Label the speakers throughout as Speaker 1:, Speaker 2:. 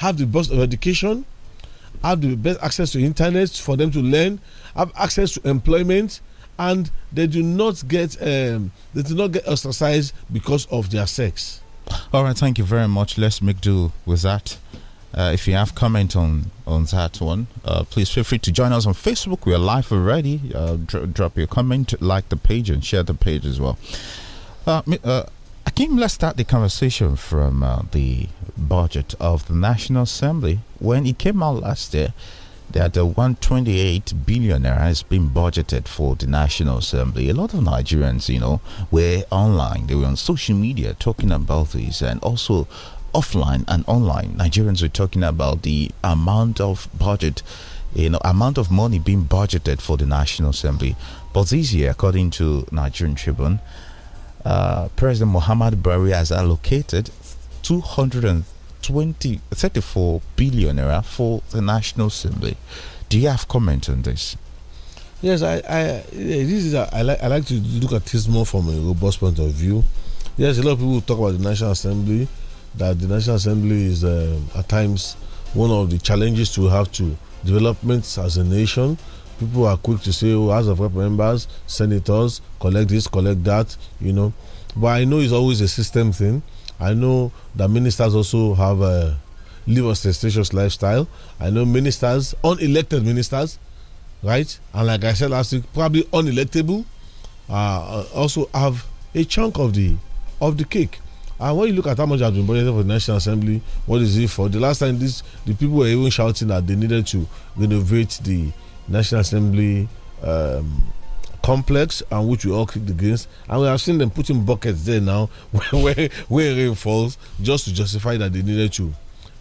Speaker 1: have the best of education,
Speaker 2: have the best access to internet for them to learn, have access to employment,
Speaker 3: and they do not get um, they do not get ostracized because of their sex. All right, thank you very much. Let's make do with that. Uh, if you have comment on on that one, uh, please feel free to join us on Facebook. We are live already. Uh, dr drop your comment, like the page, and share the page as well. Uh, uh, Akim, let's start the conversation from uh, the budget of the National Assembly. When it came out last year, that the 128 billion naira has been budgeted for the National Assembly. A lot of Nigerians, you know, were online, they were on social media talking about this, and also offline and online. Nigerians were talking about the amount of budget, you know, amount of money being budgeted for the National Assembly. But this year, according to Nigerian Tribune, uh, President Muhammad Buhari has allocated 234 billion 34 billion naira for the National Assembly. Do you have comment on this?
Speaker 2: Yes, I, I eh, this is a, I like I like to look at this more from a robust point of view. Yes, a lot of people talk about the National Assembly, that the National Assembly is uh, at times one of the challenges to have to developments as a nation people are quick to say, oh, as of members, senators, collect this, collect that, you know. But I know it's always a system thing. I know that ministers also have a live a sensations lifestyle. I know ministers, unelected ministers, right? And like I said last week, probably unelectable, uh, also have a chunk of the of the cake. And when you look at how much has been budgeted for the National Assembly, what is it for? The last time this, the people were even shouting that they needed to renovate the National Assembly um, complex and which we all kicked against. And we have seen them putting buckets there now where, where, where rain falls just to justify that they needed to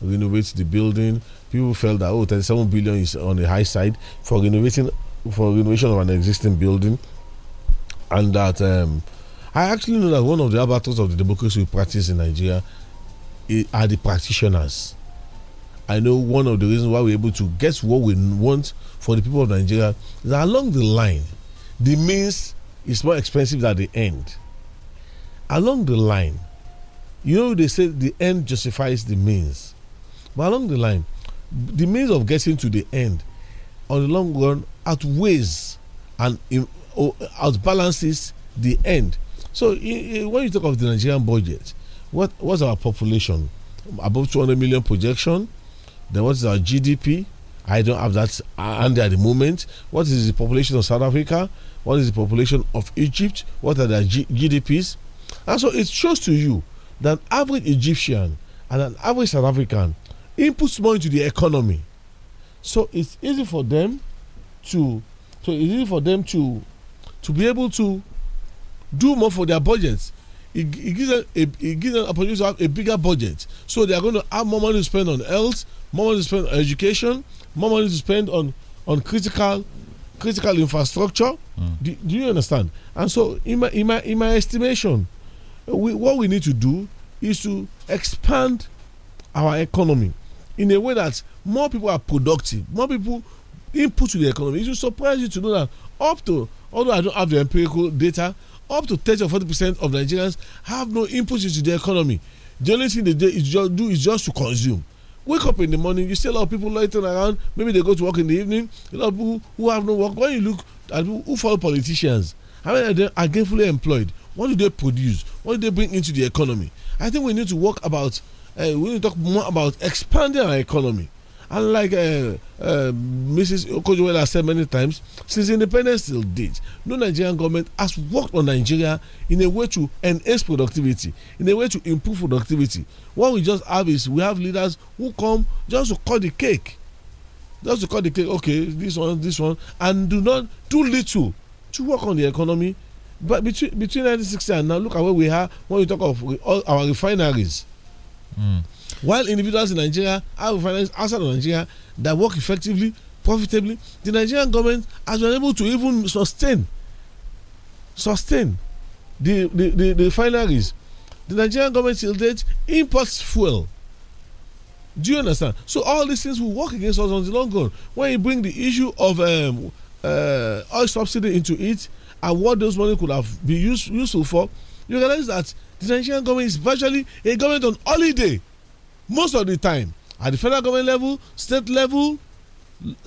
Speaker 2: renovate the building. People felt that, oh, 37 billion is on the high side for renovating for renovation of an existing building. And that um, I actually know that one of the abattoirs of the democracy we practice in Nigeria eh, are the practitioners. I know one of the reasons why we're able to get what we want for the people of Nigeria is along the line, the means is more expensive than the end. Along the line, you know, they say the end justifies the means. But along the line, the means of getting to the end on the long run outweighs and outbalances the end. So when you talk of the Nigerian budget, what was our population? Above 200 million projection then what is our GDP? I don't have that under at the moment. What is the population of South Africa? What is the population of Egypt? What are their G GDPs? And so it shows to you that average Egyptian and an average South African inputs more into the economy. So it's easy for them to so it's easy for them to to be able to do more for their budgets it, gives them a, it gives them opportunity to have a bigger budget. So they are going to have more money to spend on health, more money to spend on education, more money to spend on on critical critical infrastructure. Mm. Do, do, you understand? And so, in my in my in my estimation, we, what we need to do is to expand our economy in a way that more people are productive, more people input to the economy. It will surprise you to know that up to although I don't have the empirical data, up to 30 or 40 percent of Nigerians have no input into the economy. The only thing they do is just, do is just to consume. Wake up in the morning, you see a lot of people loitering around. Maybe they go to work in the evening. A lot of people who have no work. When you look at people who follow politicians, how many of them are gainfully employed? What do they produce? What do they bring into the economy? I think we need to work about, uh, we need to talk more about expanding our economy and like uh, uh, Mrs. Okojuela said many times, since independence till date, no Nigerian government has worked on Nigeria in a way to enhance productivity, in a way to improve productivity. What we just have is we have leaders who come just to cut the cake, just to cut the cake. Okay, this one, this one, and do not too little to work on the economy. But between between 1960 and now, look at where we are when we talk of all our refineries. Mm while individuals in Nigeria have refineries outside of Nigeria that work effectively, profitably, the Nigerian government has been able to even sustain sustain the the the, the The Nigerian government till date imports fuel. Do you understand? So all these things will work against us on the long run. When you bring the issue of um, uh, oil subsidy into it and what those money could have been use, useful for, you realize that the Nigerian government is virtually a government on holiday most of the time at the federal government level state level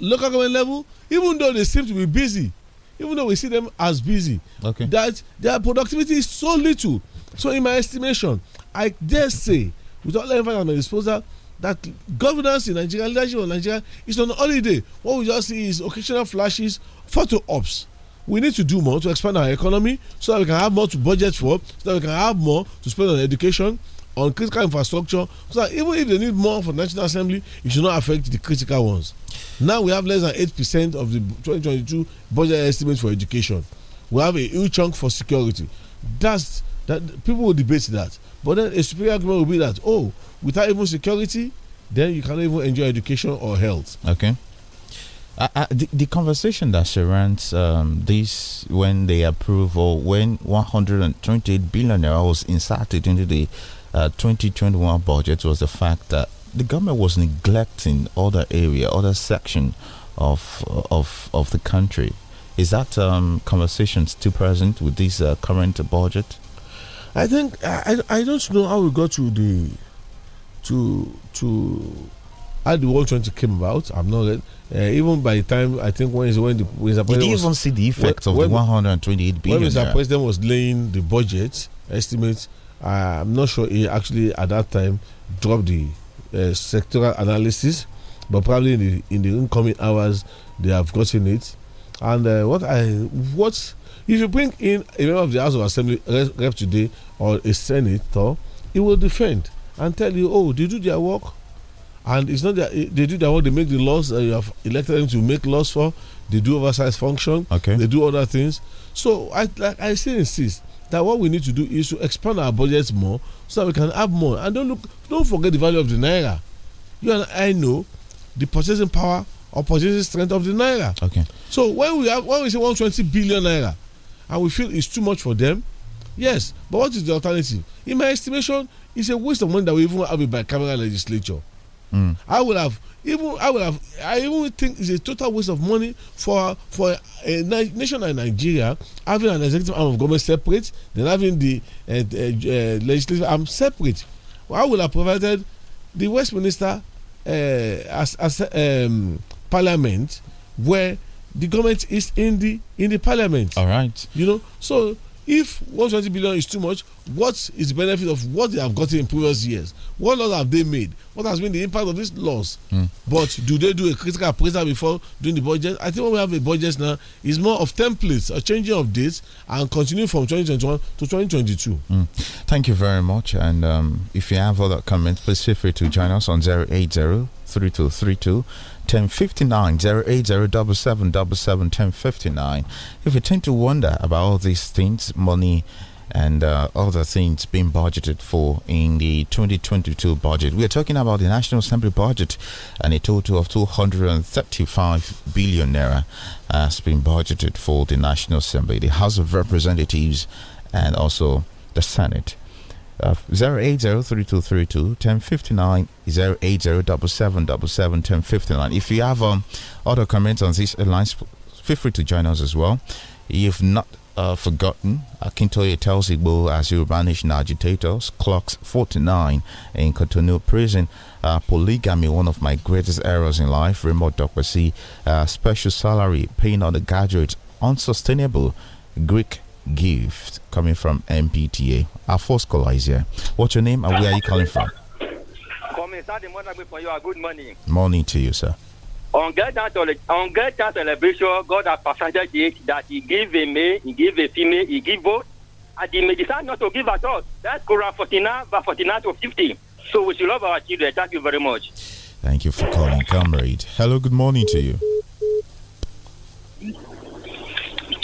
Speaker 2: local government level even though they seem to be busy even though we see them as busy. okay that their productivity is so little so in my estimation i dare say with all the information at my disposal that governance in nigeria leadership of nigeria is on holiday what we just see is occasional flashes photo ops we need to do more to expand our economy so that we can have more to budget for so that we can have more to spend on education on critical infrastructure so even if they need more for national assembly it should not affect the critical ones now we have less than 8% of the 2022 budget estimate for education we have a huge chunk for security that's that people will debate that but then a superior argument will be that oh without even security then you cannot even enjoy education or health
Speaker 3: okay uh, uh, the, the conversation that surrounds um, this when they approve or when 128 billion was inserted into the uh, 2021 budget was the fact that the government was neglecting other area, other section of of of the country. Is that um, conversation still present with this uh, current budget?
Speaker 2: I think I
Speaker 3: I don't know how we got
Speaker 2: to the to to how the World 20 came about. I'm not uh, even by the time I think when is when the when Mr. President did even see the effect when, of when, the 128 billion. When the President was laying the budget estimates, I'm not sure he actually at that time dropped the uh, sectoral analysis, but probably in the, in the incoming hours they have gotten it. And uh, what I what if you bring in a member of the House of Assembly rep today or a senator, he will defend and tell you, oh, they do their work, and it's not that eh, they do their work. They make the laws that you have elected them to make laws for. They do oversized function. Okay. They do other things. So I like I still insist that what we need to do is to expand our budgets more so that we can have more. And don't look, don't forget the value of the naira. You and I know the purchasing power or purchasing strength of the naira. Okay. So when we have when we say 120 billion naira, and we feel it's too much for them, yes. But what is the alternative? In my estimation, it's a waste of money that we even have a bicameral legislature. Mm. I would have even I would have I even think it's a total waste of money for for a nation like Nigeria having an executive arm of government separate than having the uh, uh, uh, legislative arm separate. Well, I would have provided the Westminster as, as um, parliament where the government is in the in the parliament. All right. You know so if 120 billion is too much what is the benefit of what they have gotten in previous years what loss have they made what has been the impact of this loss mm. but do they do a critical appraisal before doing the budget i think what we have a budget now is more of templates a changing of dates and continue from 2021 to 2022
Speaker 3: mm. thank you very much and um, if you have other comments please feel free to join us on 080 3232 1059 If you tend to wonder about all these things, money, and uh, other things being budgeted for in the 2022 budget. We are talking about the National Assembly budget and a total of 235 billion naira uh, has been budgeted for the National Assembly, the House of Representatives, and also the Senate. Zero eight zero three two three two ten fifty nine zero eight zero double seven double seven ten fifty nine. If you have um, other comments on these lines, feel free to join us as well. If not uh, forgotten, Akintoye tells Igbo as you banish agitators, clocks 49 in Cotonou prison. Uh, polygamy, one of my greatest errors in life, remote democracy, uh, special salary, paying on the graduates, unsustainable, Greek gift coming from MPTA. Our first caller is here. What's your name and where are you calling from?
Speaker 4: Good morning.
Speaker 3: Morning to you, sir.
Speaker 4: On great time celebration, God has perfected it that He gave a male, He gave a female, He gave both, and He may decide not to give at all. That's Quran 49, verse 49 to 50. So we should love our children. Thank you very much.
Speaker 3: Thank you for calling, comrade. Hello, good morning to you.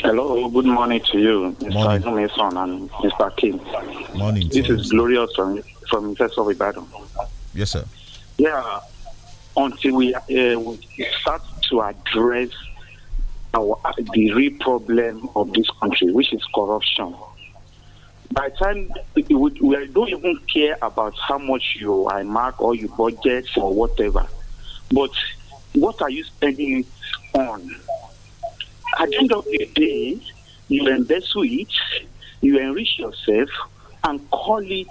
Speaker 5: Hello, good morning to you, Mr. Mason and Mr. King. Morning. This is Glorious from, from Festival Ibadan. Yes, sir. Yeah, until we, uh, we start to address our, the real problem of this country, which is corruption. By the time we we don't even care about how much you I mark or you budget or whatever, but what are you spending it on? At the end of the day, you embezzle it, you enrich yourself, and call it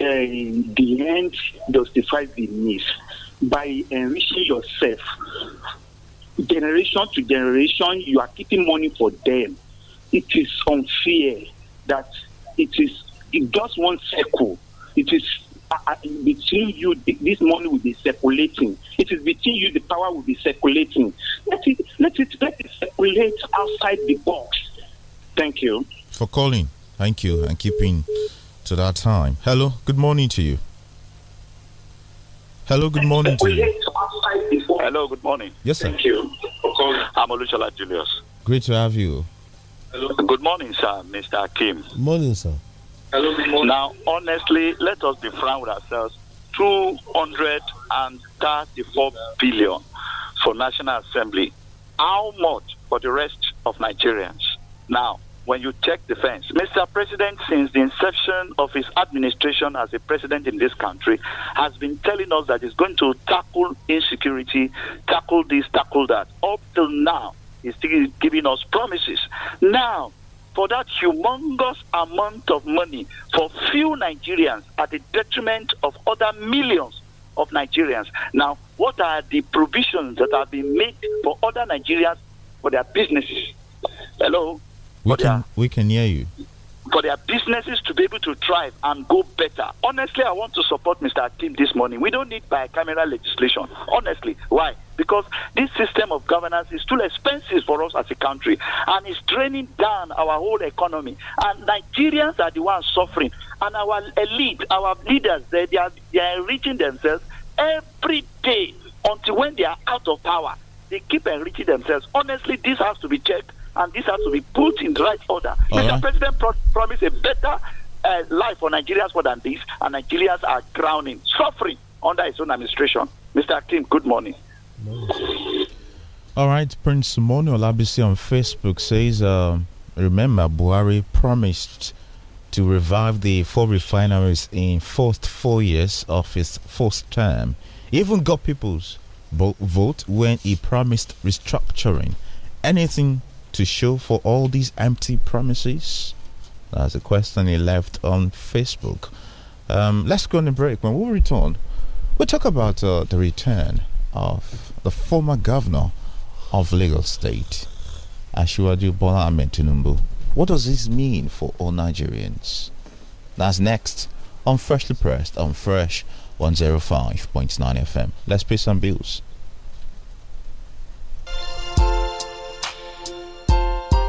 Speaker 5: uh, the end justifies the means by enriching yourself. Generation to generation, you are keeping money for them. It is unfair that it is it does one circle. It is between you, this money will be circulating. It is between you, the power will be circulating. Let it, let it, let it circulate outside the box. Thank you
Speaker 3: for calling. Thank you and keeping to that time. Hello, good morning to you. Hello, good morning to you. Hello, good morning. Yes, sir. Thank you
Speaker 5: for calling. I'm Olushola Julius.
Speaker 3: Great to have you.
Speaker 5: Hello. Good morning, sir, Mr. Kim. Morning, sir. Hello, good morning. Now, honestly, let us be frank with ourselves. 234 billion for National Assembly. How much for the rest of Nigerians? Now, when you check the fence, Mr. President, since the inception of his administration as a president in this country, has been telling us that he's going to tackle insecurity, tackle this, tackle that. Up till now, he's still giving us promises. Now, for that humongous amount of money for few Nigerians at the detriment of other millions of Nigerians. Now, what are the provisions that have been made for other Nigerians for their businesses? Hello?
Speaker 3: We, can, we can hear you
Speaker 5: for their businesses to be able to thrive and go better. Honestly, I want to support Mr. Akim this morning. We don't need bicameral legislation. Honestly, why? Because this system of governance is too expensive for us as a country and it's draining down our whole economy. And Nigerians are the ones suffering. And our elite, our leaders, they, they, are, they are enriching themselves every day until when they are out of power. They keep enriching themselves. Honestly, this has to be checked and this has to be put in the right order. Mr. Right. President pro promised a better uh, life for Nigerians more than this, and Nigerians are drowning, suffering under his own administration. Mr. Akim, good morning.
Speaker 3: All right, Prince Mono Labisi on Facebook says, uh, remember Buhari promised to revive the four refineries in first four years of his first term. even got people's vote when he promised restructuring. Anything to show for all these empty promises? That's a question he left on Facebook. Um, let's go on a break. When we return, we'll talk about uh, the return of the former governor of Lagos State, Ashwaju Bola Tinubu. What does this mean for all Nigerians? That's next on Freshly Pressed on Fresh 105.9 FM. Let's pay some bills.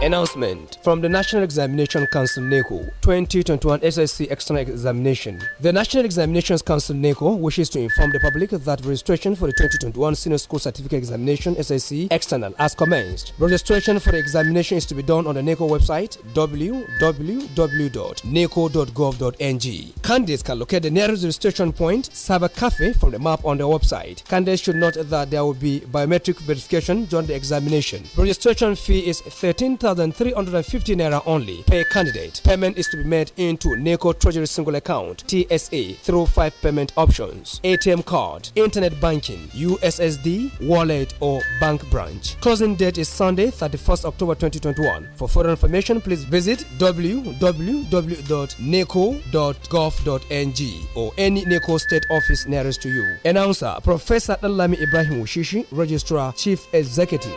Speaker 1: Announcement from the National Examination Council NECO 2021 SSC External Examination. The National Examinations Council NECO wishes to inform the public that registration for the 2021 Senior School Certificate Examination SSC External has commenced. Registration for the examination is to be done on the NECO website www.neco.gov.ng. Candidates can locate the nearest registration point, Cyber Cafe, from the map on the website. Candidates should note that there will be biometric verification during the examination. Registration fee is 13,000 1,350 naira only per candidate. Payment is to be made into NECO Treasury Single Account TSA through five payment options ATM card, internet banking, USSD, wallet, or bank branch. Closing date is Sunday, 31st October 2021. For further information, please visit www.neco.gov.ng or any NECO state office nearest to you. Announcer Professor Alami Ibrahim Ushishi, Registrar Chief Executive.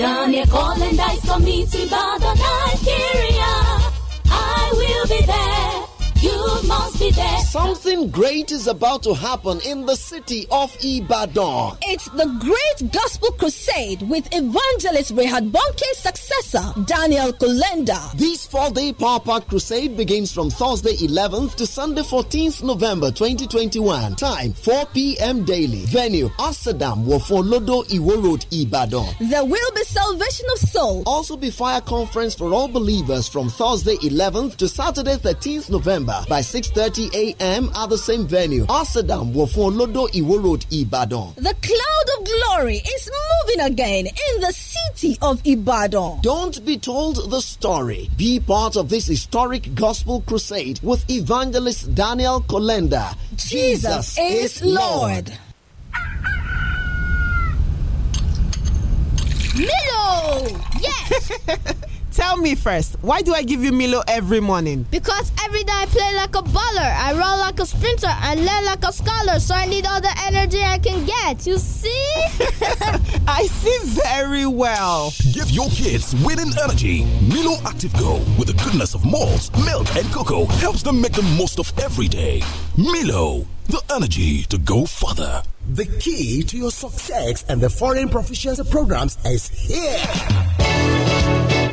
Speaker 6: Dan je kolendajsko mi ban
Speaker 4: Something great is
Speaker 7: about to happen in the city of Ibadan. It's the Great Gospel Crusade with evangelist Rehad Bonke's successor, Daniel Kulenda. This four
Speaker 4: day power crusade begins from Thursday 11th to Sunday 14th November 2021.
Speaker 8: Time 4 p.m. daily. Venue Amsterdam, Wofolodo Iwo Road,
Speaker 7: Ibadan.
Speaker 8: There will be salvation of soul. Also be fire conference for all believers from Thursday 11th to Saturday 13th November by 6:30 a.m a.m. at the same venue. Asadam Wofun Lodo Iwo Road, Ibadan.
Speaker 7: The cloud of glory is moving again in the city of Ibadan. Don't be told the story. Be part
Speaker 8: of this historic gospel crusade with evangelist Daniel Kolenda. Jesus, Jesus is Lord. Lord.
Speaker 7: Milo! Yes! Tell me first, why do I give you
Speaker 9: Milo every morning?
Speaker 6: Because every day I play like a baller, I run like a sprinter, I learn like a scholar, so I need all the energy I can get. You see?
Speaker 10: I see very well. Give your kids winning energy. Milo Active Go, with the goodness of malt, milk, and cocoa, helps them make the most of every day. Milo,
Speaker 11: the energy to go further. The key to your success and the foreign proficiency programs is here.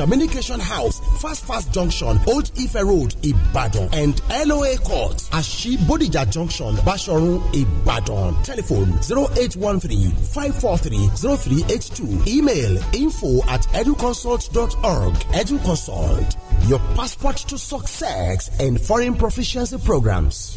Speaker 11: Communication House, Fast Fast Junction, Old Ife Road, Ibadan, and LOA Court, Ashi Bodija Junction, Basharun, Ibadan. Telephone zero zero eight one three three five four three 543 two. Email info at educonsult.org. Educonsult, your
Speaker 6: passport to success
Speaker 11: and foreign proficiency programs.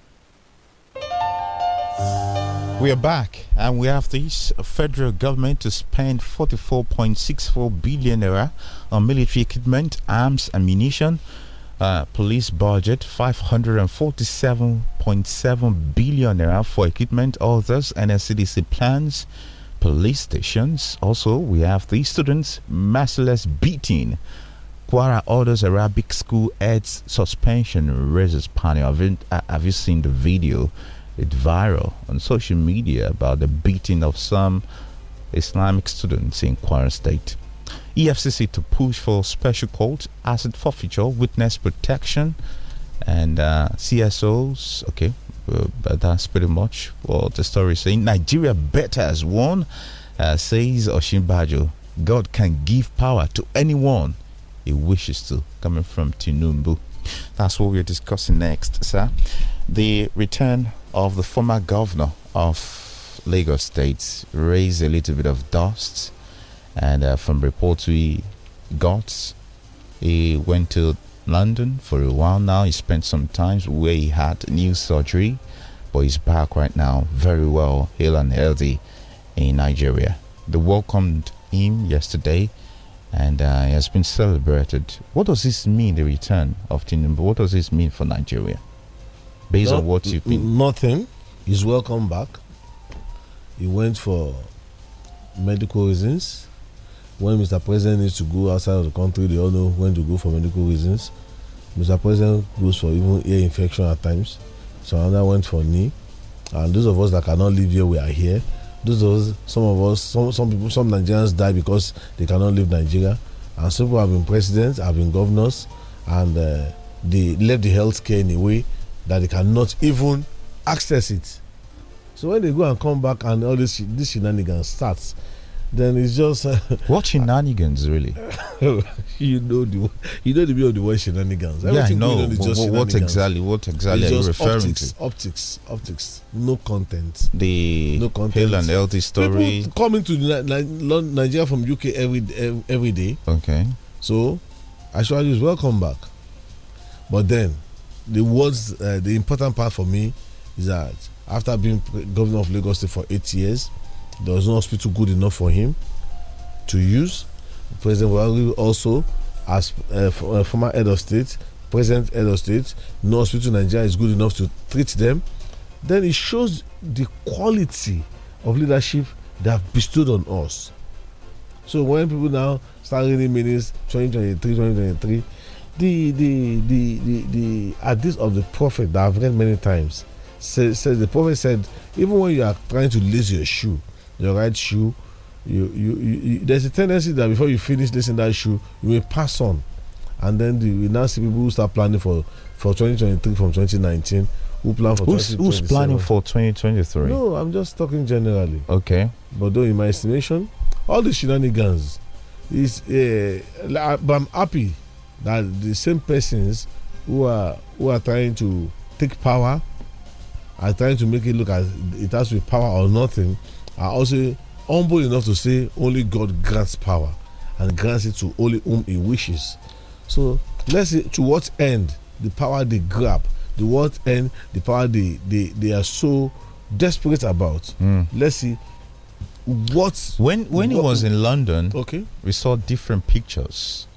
Speaker 3: we are back, and we have this federal government to spend 44.64 billion naira on military equipment, arms, ammunition. Uh, police budget 547.7 billion naira for equipment, others, NSCDC plans, police stations. Also, we have the students' merciless beating. Quara orders Arabic school heads suspension raises panic. Have you, uh, have you seen the video? it viral on social media about the beating of some Islamic students in Kwara State. EFCC to push for special court, asset forfeiture, witness protection, and uh, CSOs. Okay, uh, but that's pretty much what the story is saying. Nigeria better as one, uh, says Oshimbajo. God can give power to anyone he wishes to, coming from Tinumbu. That's what we're discussing next, sir. The return of the former governor of Lagos State raised a little bit of dust. And uh, from reports we got, he went to London for a while now. He spent some time where he had new surgery, but he's back right now, very well, ill and healthy in Nigeria. They welcomed him yesterday and uh, he has been celebrated. What does this mean, the return of Tinubu? What does this mean for Nigeria? based on what you been.
Speaker 2: Nothing. He's welcome back. He went for medical reasons. When Mr. President needs to go outside of the country, they all know when to go for medical reasons. Mr. President goes for even ear infection at times. So another went for knee. And those of us that cannot live here, we are here. Those of us, some of us, some, some people, some Nigerians die because they cannot leave Nigeria. And some people have been presidents, have been governors, and uh, they left the health care in a way that they cannot even access it. So when they go and come back and all this, this shenanigans starts, then it's just uh, what shenanigans really. you know the you know the meaning of the word shenanigans. Everything yeah, I know. You know but, what exactly? What exactly are you referring optics, to? Optics, optics, no content.
Speaker 3: The no content. Hail and healthy story.
Speaker 2: People coming to Nigeria from UK every every day. Okay. So, should is welcome back, but then the words, uh, the important part for me is that after being governor of Lagos State for eight years, there was no hospital good enough for him to use. President Buhari also, as uh, uh, former head of state, present head of state, no hospital in Nigeria is good enough to treat them. Then it shows the quality of leadership they have bestowed on us. So when people now start reading minutes 2023, 2023, the the the the, hadith of the prophet that I've read many times says, says the prophet said even when you are trying to lace your shoe your right shoe you, you, you, you there's a tendency that before you finish lacing that shoe you will pass on and then the, we now see people who start planning for for 2023 from 2019 who plan for who's, who's planning for 2023 no I'm just talking generally okay but though in my estimation all the shenanigans is uh, but I'm happy that the same persons who are who are trying to take power are trying to make it look as it has to be power or nothing are also humble enough to say only God grants power and grants it to only whom he wishes. So let's see to what end the power they grab, the what end the power they they, they are so desperate about. Mm. Let's see
Speaker 3: what when when what, he was in London. Okay, we saw different pictures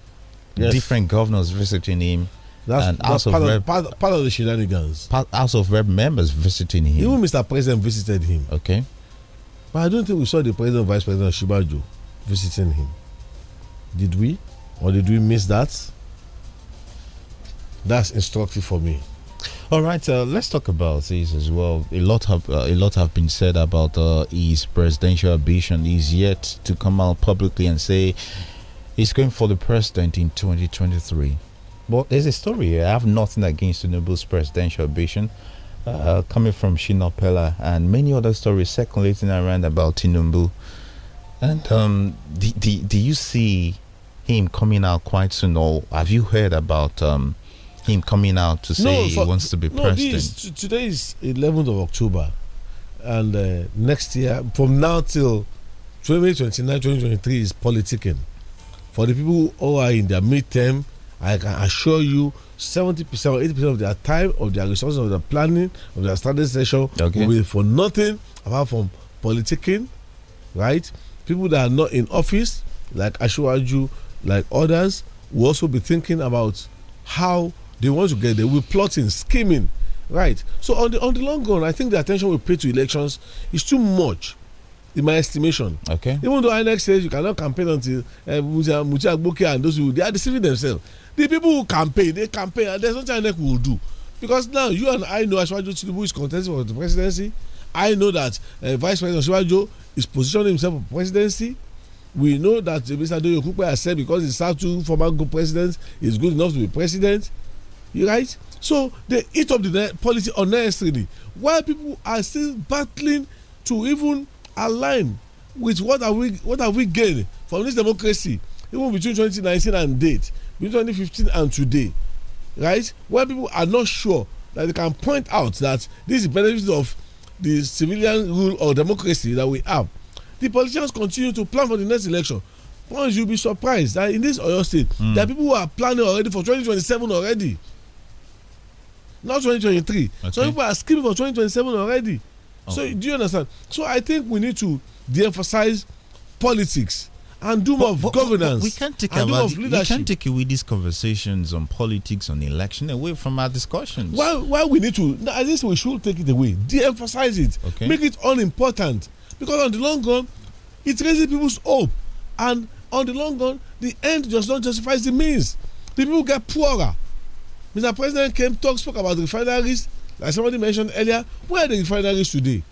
Speaker 3: yes. different governors visiting him. That's, and that's part, of, Rep,
Speaker 2: part, part, of the shenanigans.
Speaker 3: Part, House of Rep members visiting him. Even
Speaker 2: Mr. President visited him. Okay. But I don't think we saw the President, Vice President Shibajo visiting him. Did we? Or did we miss that? That's instructive for me.
Speaker 3: All right, uh, let's talk about this as well. A lot have uh, a lot have been said about uh, his presidential ambition. He's yet to come out publicly and say He's going for the president in 2023. But there's a story I have nothing against Tinubu's presidential ambition uh, coming from Shina Pella and many other stories circulating around about Tinubu. And um, do, do, do you see him coming out quite soon, or have you heard about um, him coming out to say no, for, he wants to be no, president? This,
Speaker 2: today is 11th of October, and uh, next year, from now till 2029, 2023, is politicking for the people who are in their midterm, I can assure you 70% or 80% of their time, of their resources, of their planning, of their study session okay. will be for nothing apart from politicking, right? People that are not in office, like Ashwaju, like others, will also be thinking about how they want to get there. We're plotting, scheming, right? So on the on the long run, I think the attention we pay to elections is too much in my estimation. Okay. Even though INEC says you cannot campaign until uh, eh, Mutia Agboke and those who they are deceiving themselves. The people who campaign, they campaign, and there's nothing INEC will do. Because now you and I know Ashwajo Tinubu is contesting for the presidency. I know that uh, Vice President Ashwajo is positioning himself for presidency. We know that uh, Mr. Doyo Kupe has said because he served two former good presidents, is good enough to be president. You right? So they eat up the policy unnecessarily. While people are still battling to even align with what are we what have we gained from this democracy even between 2019 and date between 2015 and today right when people are not sure that they can point out that this is benefits of the civilian rule or democracy that we have the politicians continue to plan for the next election once you be surprised that in this oyo state mm. there are people who are planning already for 2027 already not 2023 okay. some people are scheming for 2027 already so do you understand? So I think we need to de-emphasize politics and do more governance. we can't take and about, we can't
Speaker 3: take away these conversations on politics on election away from our discussions. Why? Why we need to? I think we should take it away, de-emphasize it, okay. make it
Speaker 2: unimportant. Because on the long run, it raises people's hope, and on the long run, the end does not justify the means. The people get poorer. Mr. President came talk spoke about the refineries as somebody mentioned earlier where are the refineries today.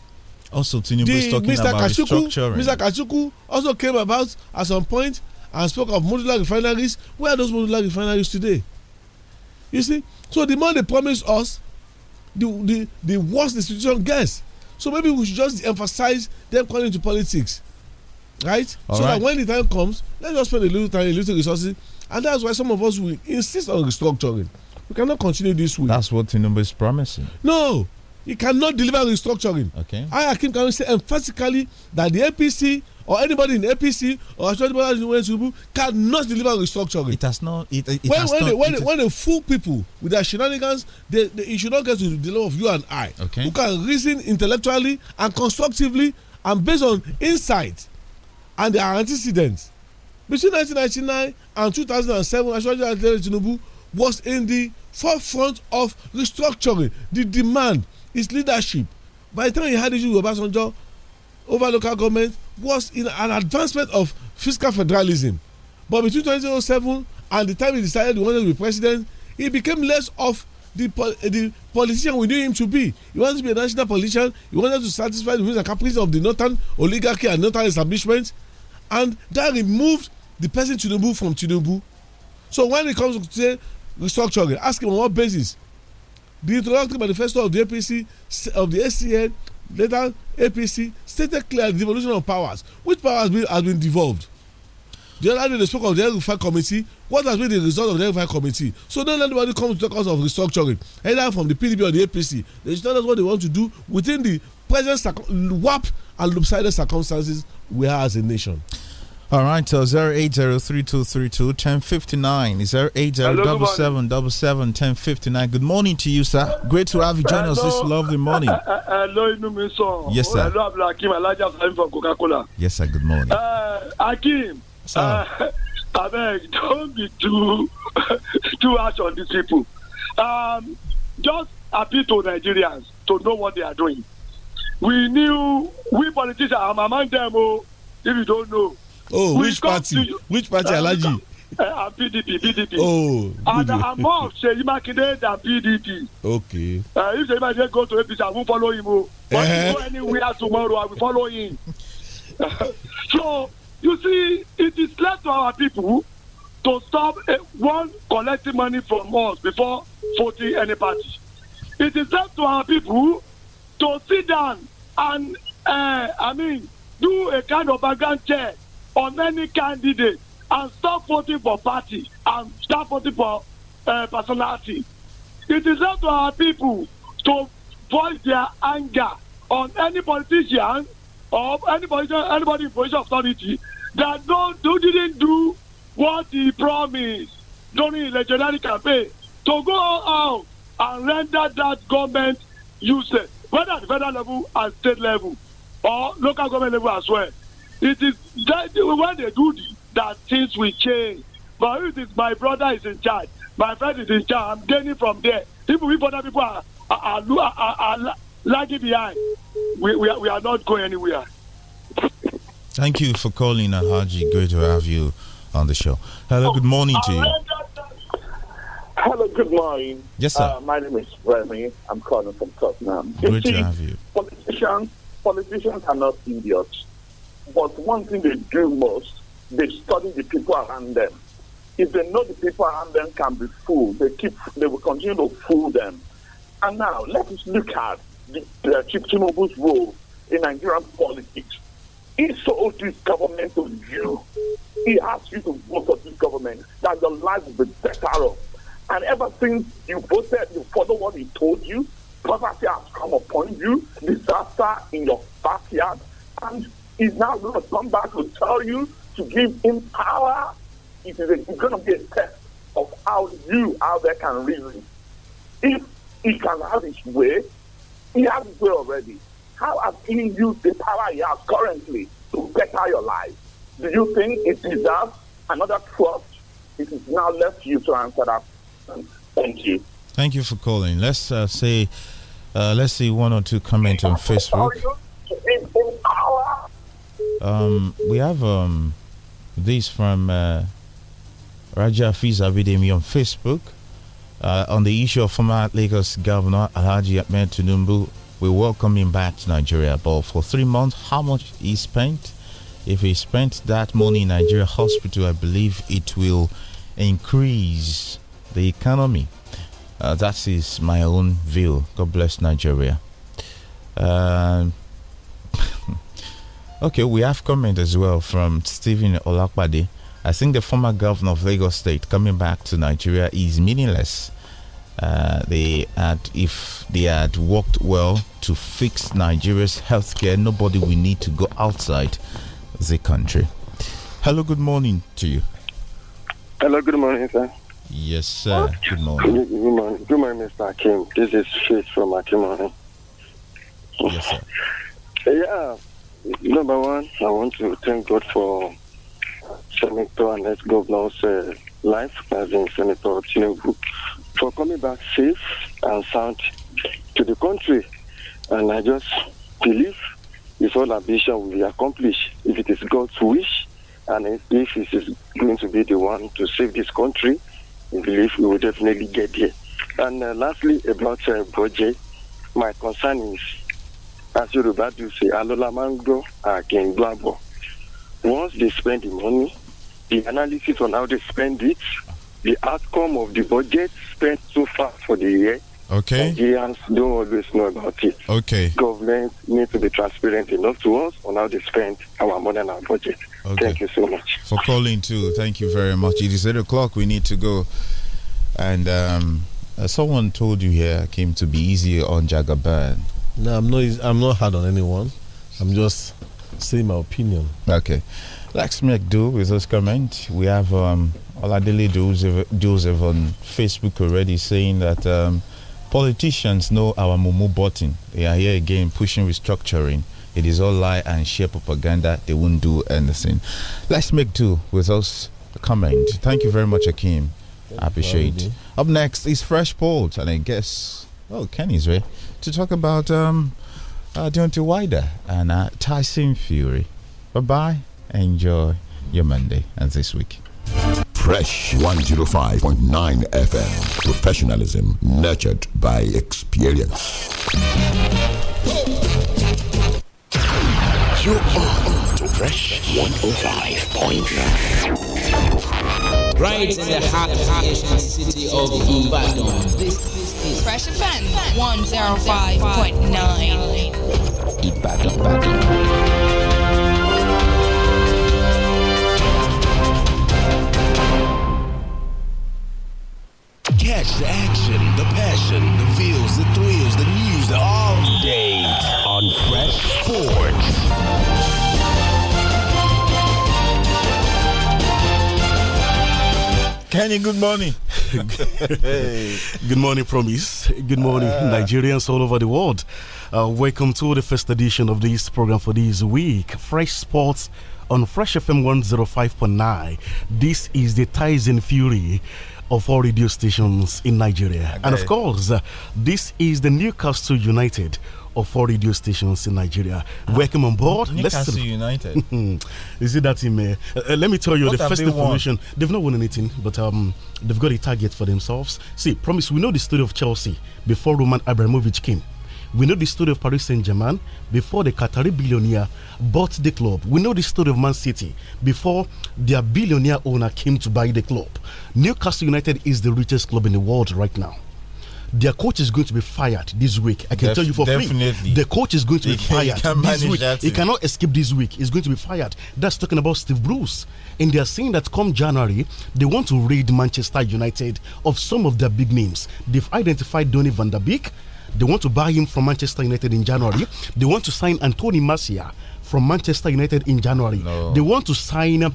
Speaker 2: also tinubu is talking mr. about Kashuku, restructuring mr kachuku also came about at some point and spoke of modular refineries where are those modular refineries today you see so the more they promise us the the the worse the situation gets so maybe we should just emphasize them coming into politics right All so right. that when the time comes let's just spend a little time a little resources and that's why some of us will insist on restructuring we cannot continue this way.
Speaker 3: That's what Tinubu is promising.
Speaker 2: No, he cannot deliver restructuring. Okay. I Akim can say emphatically that the APC or anybody in APC or Tinubu cannot deliver restructuring. It has not. It, it when, has when, not, they, when, they, fool people with their shenanigans, they, they, it should not get to the level of you and I, okay. who can reason intellectually and constructively and based on insight and their antecedents. Between 1999 and 2007, Ashwaji Tinubu was in the forefront of restructuring the demand his leadership by the time he had issue with Obasanjo over local government was in an advancement of fiscal federalism but between 2007 and the time he decided he wanted to be president he became less of the, pol the politician we knew him to be he wanted to be a national politician he wanted to satisfy the whims and caprices of the northern oligarchy and northern establishment and that removed the person Tinubu from Tinubu so when it comes to say restructuring asking on what basis the introductory manifesto of the apc of the acn later apc stated clearly devolution of powers which powers been, has been devolved the other day they spoke of the elrufai committee what has been the result of the elrufai committee so don't let anybody come to talk us of restructuring either from the pdp or the apc they should tell us what they want to do within the present warped
Speaker 3: and lopsided circumstances we are as a nation. All right, so 08032321059 Good morning to you, sir. Great to have you join us this lovely morning. Eh,
Speaker 12: eh, hello, Yes, sir. Hello, Abdulhakeem Alaja Fahim from Coca-Cola.
Speaker 3: Yes, sir. Good morning.
Speaker 12: Uh, eh, Akeem. Sir. Uh, abeg don't be too too harsh on these people. Um, just appeal to Nigerians to know what they are doing. We knew we politicians are among them. Oh, if you don't know oh we which party which party uh, alaji. Uh, ah, PDP PDP. oh good ah, and i'm more of Seyi Makinde than PDP. okay. Uh, if Seyi Makinde go to APC i won follow him o. Oh. but uh-huh. if he eh? go anywhere tomorrow i will follow him. so you see it is left to our people to stop uh, one collecting money from us before voting any party. It is left to our people to sit down and uh, I mean do a kind of background check on any candidate and stop voting for party and start voting for uh, personality. It is up to our people to voice their anger on any politician or anybody, anybody in position of authority that don't who didn't do what he promised during the legendary campaign to go out and render that government useless, whether at federal level and state level or local government level as well. It is that when they do this, that things will change. But if it's my brother is in charge, my friend is in charge, I'm gaining from there. Even if other people are, are, are, are, are lagging behind, we, we, are, we are not going anywhere.
Speaker 3: Thank you for calling, Ahaji. Great to have you on the show. Hello, good morning to you.
Speaker 5: Hello, good morning. Yes, sir. Uh, my name is Remy. I'm calling from Tottenham. Great see, to have you. Politicians, politicians are not idiots. But one thing they do most, they study the people around
Speaker 12: them. If they know the people around them can be fooled, they keep they will continue to fool them. And now let us look at the, uh, Chief Tinubu's role in Nigerian politics. He sold this government to you. He asked you to vote for
Speaker 5: this government that your life will be better off. And ever since you voted, you followed what he told you. Poverty has come upon you, disaster in your backyard,
Speaker 12: and He's not going to come back to tell you to give him power. It is going to be a test of how you out there can reason. If he can have his way, he has his way already. How has he used the power he has currently to better your life? Do you think it deserves another trust? It is now left you to answer that. Thank you.
Speaker 3: Thank you for calling. Let's uh, say, uh, let's see one or two comments on Facebook um, we have um, this from uh, Raja Fiz Abidemi on Facebook uh, on the issue of former Lagos Governor Alhaji Ahmed Tinubu. We welcome him back to Nigeria, but for three months, how much he spent? If he spent that money in Nigeria hospital, I believe it will increase the economy. Uh, that is my own view. God bless Nigeria. Um, Okay, we have comment as well from Stephen Olakpade. I think the former governor of Lagos State coming back to Nigeria is meaningless. Uh, they had, if they had worked well to fix Nigeria's healthcare, nobody will need to go outside the country. Hello, good morning to you. Hello, good morning, sir. Yes, sir. Good morning. Good, morning, good morning Mr.
Speaker 12: Akim. This is Faith from Akimoni. Yes, sir. yeah. Number one, I want to thank God for Senator and ex-governor's uh, life, as in Senator Tinubu, for coming back safe and sound to the country. And I just believe his whole ambition will be accomplished if it is God's wish and if he is going to be the one to save this country. I believe we will definitely get there. And uh, lastly, about uh, Boje, my concern is as Yoruba do say, Alola Mangro, Akenglabo. Once they spend the money, the analysis on how they spend it, the outcome of the budget spent so far for the year. Okay. Nigerians don't always know about it. Okay. Government needs to be transparent enough to us on how they spend our money and our budget. Okay. Thank you so much.
Speaker 3: For calling too. Thank you very much. It is 8 o'clock. We need to go. And um, someone told you here came to be easy on Jagaban. No, I'm not. I'm not hard on anyone. I'm
Speaker 2: just saying my opinion.
Speaker 3: Okay. Let's make do with this comment. We have um, Oladele Joseph on Facebook already saying that um, politicians know our mumu button. They are here again pushing restructuring. It is all lie and sheer propaganda. They won't do anything. Let's make do with us comment. Thank you very much, Akim. I appreciate. Up next is Fresh Port, and I guess Oh, Kenny's right to talk about um, uh, Deontay Wider and uh, Tyson Fury. Bye bye. Enjoy your Monday and this week. Fresh 105.9 FM. Professionalism nurtured by
Speaker 11: experience.
Speaker 4: You are on Fresh 105.9 right in the heart of the Asian city of Ibadan.
Speaker 3: Fresh Offense 105.9 Ibadan. Ibadan.
Speaker 10: Catch the action, the passion, the feels, the thrills, the news all day on Fresh Sports.
Speaker 11: Kenny, good morning.
Speaker 2: good
Speaker 11: morning, Promise. Good morning, uh, Nigerians all over the world. Uh, welcome to the first edition of this program for this week. Fresh Sports on Fresh FM 105.9. This is the Ties and Fury of all radio stations in Nigeria. Okay. And of course, uh, this is the Newcastle United of four radio stations in Nigeria. Ah. Welcome on board. Newcastle United. Is it that team? Uh, uh, let me tell you what the first information. Won? They've not won anything, but um, they've got a target for themselves. See, promise. We know the story of Chelsea before Roman Abramovich came. We know the story of Paris Saint Germain before the Qatari billionaire bought the club. We know the story of Man City before their billionaire owner came to buy the club. Newcastle United is the richest club in the world right now their coach is going to be fired this week. I can Def tell you for definitely. free. The coach is going to be fired this week. He cannot escape this week. He's going to be fired. That's talking about Steve Bruce. And they are saying that come January, they want to raid Manchester United of some of their big names. They've identified Donny van der Beek. They want to buy him from Manchester United in January. They want to sign Anthony Marcia from Manchester United in January. No. They want to sign uh,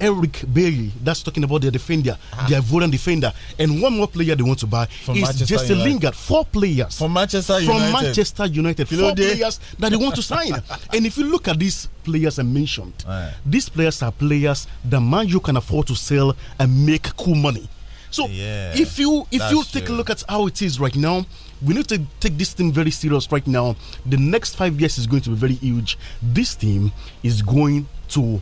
Speaker 11: Eric Bailey. That's talking about their defender, ah. their Ivorian defender. And one more player they want to buy from is Manchester Jesse United. Lingard. Four players. From Manchester United. From Manchester United. Four players that they want to sign. and if you look at these players I mentioned, right. Ah. these players are players the man you can afford to sell and make cool money. So yeah, if you if you take true. a look at how it is right now, we need to take this team very serious right now. The next five years is going to be very huge. This team is going to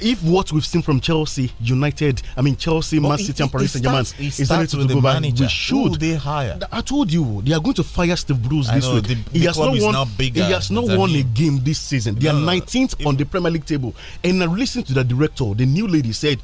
Speaker 11: if what we've seen from Chelsea, United, I mean Chelsea, Man City, and Paris Saint Germain is starting to go back, we should. Who they hire? I told you they are going to fire Steve Bruce this know, week. The, the he, has won, not won, he has not won a game this season. They no, are 19th no, no. on the Premier League table. And I listened to the director, the new lady said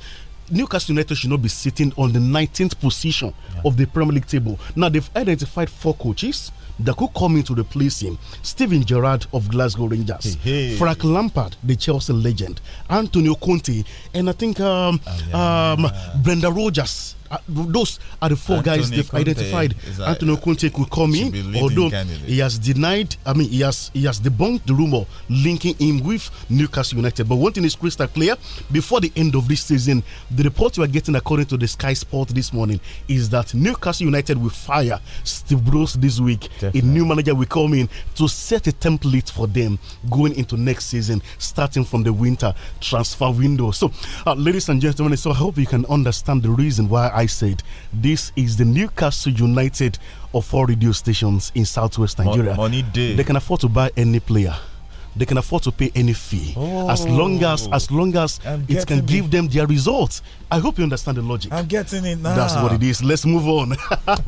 Speaker 11: Newcastle United should not be sitting on the 19th position yeah. of the Premier League table. Now, they've identified four coaches that could come in to replace him. Steven Gerrard of Glasgow Rangers, hey, hey. Frank Lampard, the Chelsea legend, Antonio Conte, and I think um, oh, yeah. um, Brenda Rogers. Uh, those are the four Anthony guys they've Conte identified. That, Antonio Conte could come in, although candidate. he has denied. I mean, he has he has debunked the rumor linking him with Newcastle United. But one thing is crystal clear: before the end of this season, the report we are getting, according to the Sky Sport this morning, is that Newcastle United will fire Steve Bruce this week. Definitely a new manager will come in to set a template for them going into next season, starting from the winter transfer window. So, uh, ladies and gentlemen, so I hope you can understand the reason why I said this is the Newcastle United of all radio stations in southwest Nigeria. Money day. They can afford to buy any player they can afford to pay any fee oh, as long as as long as it can it. give them their results. I hope you understand the logic. I'm getting it now. That's what it is. Let's move on.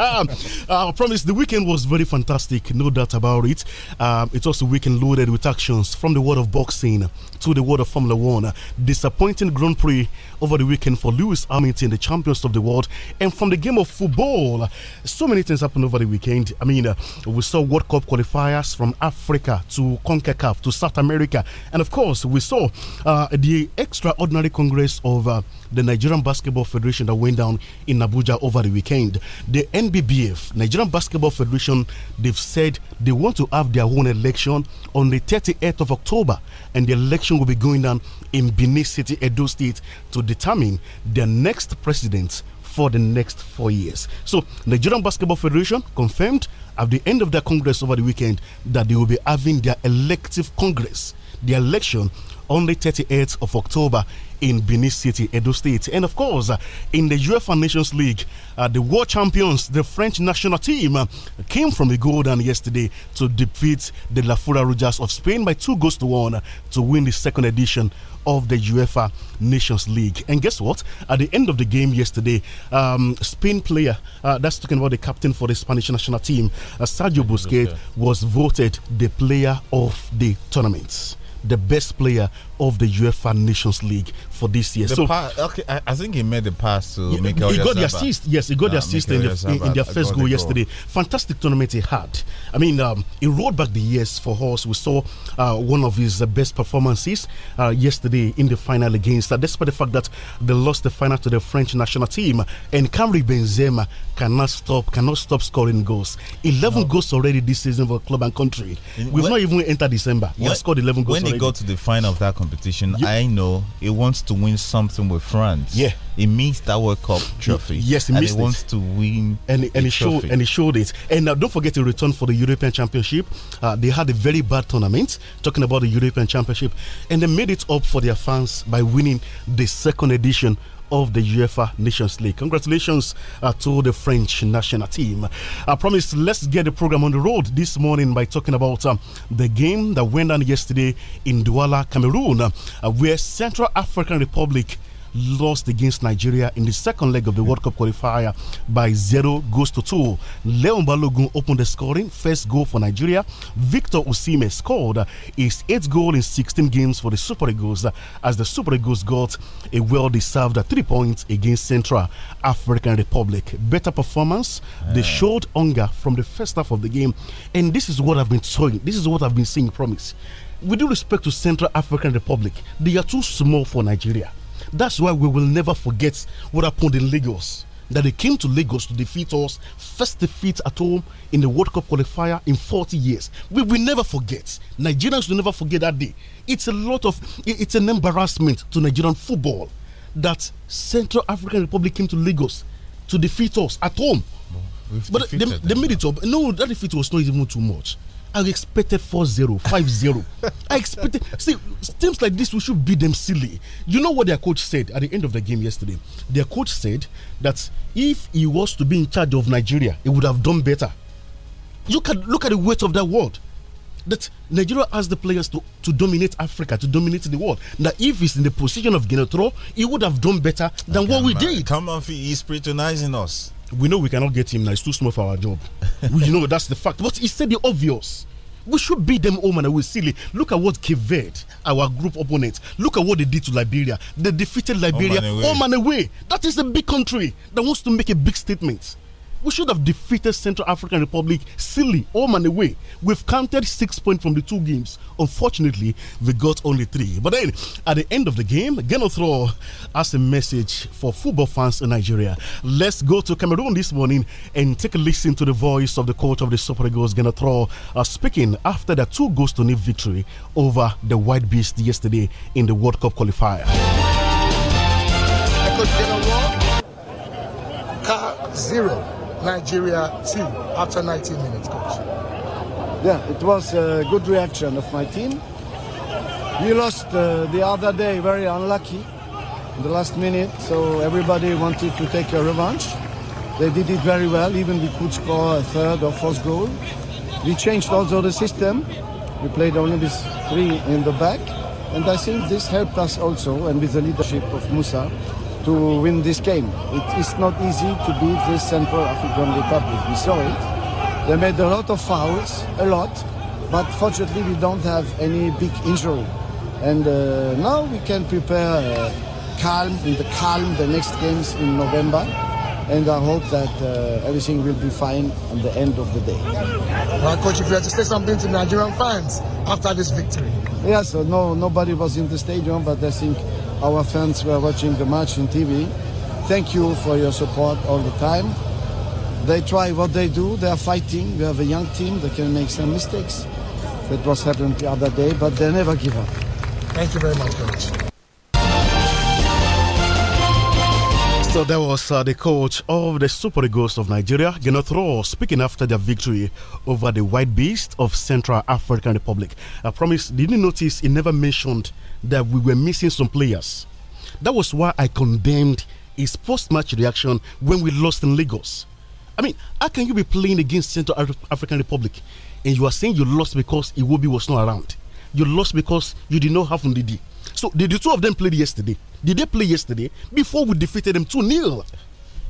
Speaker 11: Uh, I promise the weekend was very fantastic, no doubt about it. Um, it's also weekend loaded with actions from the world of boxing to the world of Formula One. Disappointing Grand Prix over the weekend for Lewis Hamilton, the champions of the world. And from the game of football, so many things happened over the weekend. I mean, uh, we saw World Cup qualifiers from Africa to CONCACAF to South America. And of course, we saw uh, the extraordinary Congress of. Uh, the Nigerian Basketball Federation that went down in Abuja over the weekend. The NBBF, Nigerian Basketball Federation, they've said they want to have their own election on the 38th of October, and the election will be going down in Benin City, Edo State, to determine the next president for the next four years. So, Nigerian Basketball Federation confirmed at the end of their congress over the weekend that they will be having their elective congress, the election, on the 38th of October in Benin City, Edo State. And of course, in the UEFA Nations League, uh, the world champions, the French national team, uh, came from the Golden yesterday to defeat the La Fura Rangers of Spain by two goals to one to win the second edition of the UEFA Nations League. And guess what? At the end of the game yesterday, um, Spain player, uh, that's talking about the captain for the Spanish national team, uh, Sergio Busquets, was voted the player of the tournament the best player of the UEFA Nations League for this year. The so
Speaker 3: okay, I, I, think he made the pass to yeah, Mikel He got the assist. Yes, he got no, the assist in, the, in, in, their first goal, goal, yesterday.
Speaker 11: Fantastic tournament he had. I mean, um, he rolled back the years for us. We saw uh, one of his uh, best performances uh, yesterday in the final against. Uh, despite the fact that they lost the final to the French national team, and Camry Benzema cannot stop cannot stop scoring goals. Eleven no. goals already this season for club and country. In, We've when, not even entered December. He has scored eleven goals. When he they got
Speaker 3: to the final of that competition. Yeah. I know he wants to win something with France. Yeah, he missed that World Cup trophy. Yes, he, and he wants it. to win, and and he showed
Speaker 11: and he showed it. And uh, don't forget to return for the European Championship. Uh, they had a very bad tournament. Talking about the European Championship, and they made it up for their fans by winning the second edition of the UEFA Nations League. Congratulations uh, to the French national team. I promise let's get the program on the road this morning by talking about um, the game that went on yesterday in Douala, Cameroon, uh, where Central African Republic lost against Nigeria in the second leg of the World Cup qualifier by zero goals to two. Leon Balogun opened the scoring, first goal for Nigeria. Victor Usime scored his eighth goal in 16 games for the Super Eagles as the Super Eagles got a well deserved three points against Central African Republic. Better performance, they showed hunger from the first half of the game, and this is what I've been saying. This is what I've been saying, promise. With due respect to Central African Republic, they are too small for Nigeria. That's why we will never forget what happened in Lagos. That they came to Lagos to defeat us, first defeat at home in the World Cup qualifier in 40 years. We will never forget. Nigerians will never forget that day. It's a lot of, it's an embarrassment to Nigerian football that Central African Republic came to Lagos to defeat us at home.
Speaker 3: but they, they
Speaker 11: made it up. No, that defeat was not even too much. I expected 4 0, 5 0. I expected. See, teams like this, we should beat them silly. You know what their coach said at the end of the game yesterday? Their coach said that if he was to be in charge of Nigeria, he would have done better. You can look at the weight of that word. That Nigeria asked the players to, to dominate Africa, to dominate the world. That if he's in the position of Genotro, he would have done better than okay, what we man. did. Come on, he's patronizing us we know we cannot get him now. It's too small for our job. we, you know that's the fact. But he said the obvious. We should beat them home and we silly. Look at what Kivet, our group opponents, look at what they did to Liberia. They defeated Liberia home and away. Home and away. That is a big country that wants to make a big statement. We should have defeated Central African Republic silly, home and away. We've counted six points from the two games. Unfortunately, we got only three. But then, at the end of the game, Throw has a message for football fans in Nigeria. Let's go to Cameroon this morning and take a listen to the voice of the coach of the Super Eagles, Throw, uh, speaking after the two goals to nil victory over the White Beast yesterday in the World Cup qualifier.
Speaker 13: Car zero. Nigeria team after 19 minutes, coach? Yeah, it was a good reaction of my team. We lost uh, the other day, very unlucky, the last minute, so everybody wanted to take a revenge. They did it very well, even we could score a third or fourth goal. We changed also the system. We played only with three in the back, and I think this helped us also, and with the leadership of Musa, to win this game. It is not easy to beat this Central African Republic. We saw it. They made a lot of fouls, a lot, but fortunately we don't have any big injury. And uh, now we can prepare uh, calm in the calm the next games in November. And I hope that uh, everything will be fine at the end of the day. Well, coach, if you had to say something to Nigerian fans after this victory. Yes, yeah, so no, nobody was in the stadium, but I think our fans were watching the match in TV. Thank you for your support all the time. They try what they do. They are fighting. We have a young team. They can make some mistakes. That was happened the other day, but they never give up.
Speaker 1: Thank you very much, coach.
Speaker 13: So that
Speaker 11: was uh, the coach of the Super Eagles of Nigeria, Genneth speaking after their victory over the White Beast of Central African Republic. I promise, didn't notice he never mentioned that we were missing some players. That was why I condemned his post-match reaction when we lost in Lagos. I mean, how can you be playing against Central Af African Republic and you are saying you lost because Iwobi was not around? You lost because you did not have Ndidi. So did the two of them play yesterday? Did they play yesterday before we defeated them 2 0?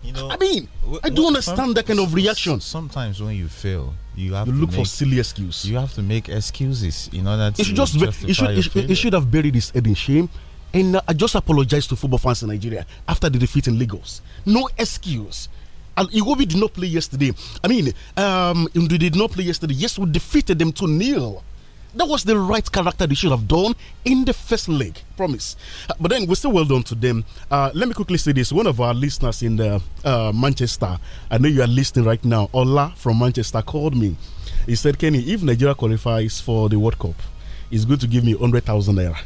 Speaker 11: You know, I mean, I don't understand that kind of
Speaker 3: reaction. Sometimes when you fail, you have you to look make, for silly excuses. You have to make excuses in order to. It should just it should, it should, it should have
Speaker 11: buried his head in shame, and uh, I just apologize to football fans in Nigeria after the defeat in Lagos. No excuse. And Iwobi did not play yesterday. I mean, um, they did not play yesterday. Yes, we defeated them two nil. That was the right character they should have done in the first leg, promise. Uh, but then we're still well done to them. Uh, let me quickly say this: one of our listeners in the, uh, Manchester, I know you are listening right now. Ola from Manchester called me. He said, "Kenny, if Nigeria qualifies for the World Cup, it's good to give me hundred thousand naira."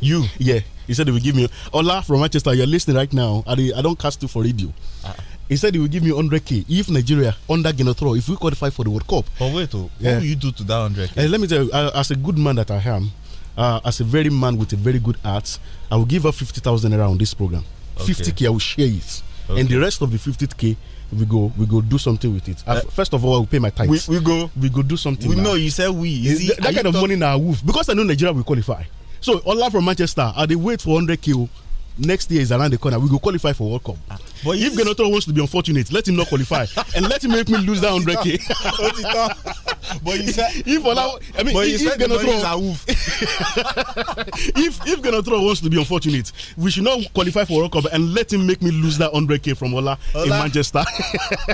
Speaker 11: You? Yeah. He said they will give me Ola from Manchester. You're listening right now. I, I don't cast you for radio. Uh -uh. He said he will give me 100k if Nigeria under throw if we qualify for the World Cup. But wait, oh, yeah. what will you
Speaker 3: do to that 100k?
Speaker 11: Uh, eh, let me tell you, uh, as a good man that I am, uh, as a very man with a very good heart, I will give her fifty 50,000 around this program. Okay. k I will share it. Okay. And the rest of the fifty k we go we go do something with it. Uh, first of all, I will pay my tithes. We, we go we go do something. We now. you say we. Is eh, that, that kind of money now, wolf because I know Nigeria will qualify. So, Ola from Manchester, are they wait for 100k? next year is around the corner. We will qualify for World Cup. Ah, but if Genoto wants to be unfortunate, let him not qualify and let him make me lose that 100k. but you said if Ola, I mean, if, if if if Genoto wants to be unfortunate, we should not qualify for World Cup and let him make me lose that 100k from Ola, Ola in Manchester.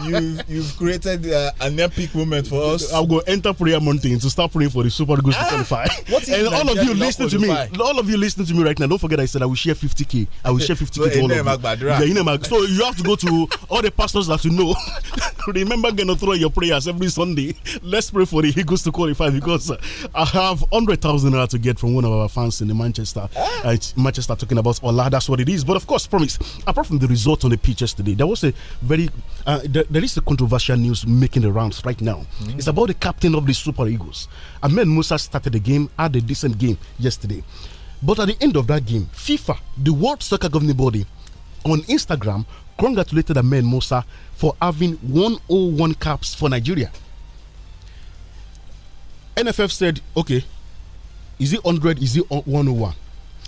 Speaker 11: you've you've created uh, an epic moment for us. I'll go enter prayer mountain to start praying for the Super Eagles to ah, qualify. and all of you listening to me, all of you listening to me right now, don't forget I said I will share 50k I will share 50 so to eh, all of you. Yeah, you know, so you have to go to all the pastors that you know. Remember, gonna throw your prayers every Sunday. Let's pray for the Eagles to qualify because uh, I have 100,000 to get from one of our fans in Manchester. Eh? Uh, Manchester talking about Allah, that's what it is. But of course, promise, apart from the result on the pitch yesterday, there was a very, uh, there, there is a controversial news making the rounds right now. Mm. It's about the captain of the Super Eagles. Ahmed Musa started the game, had a decent game yesterday. But at the end of that game, FIFA, the World Soccer Governing Body, on Instagram congratulated man Musa for having 101 caps for Nigeria. NFF said, okay, is it 100? Is it 101?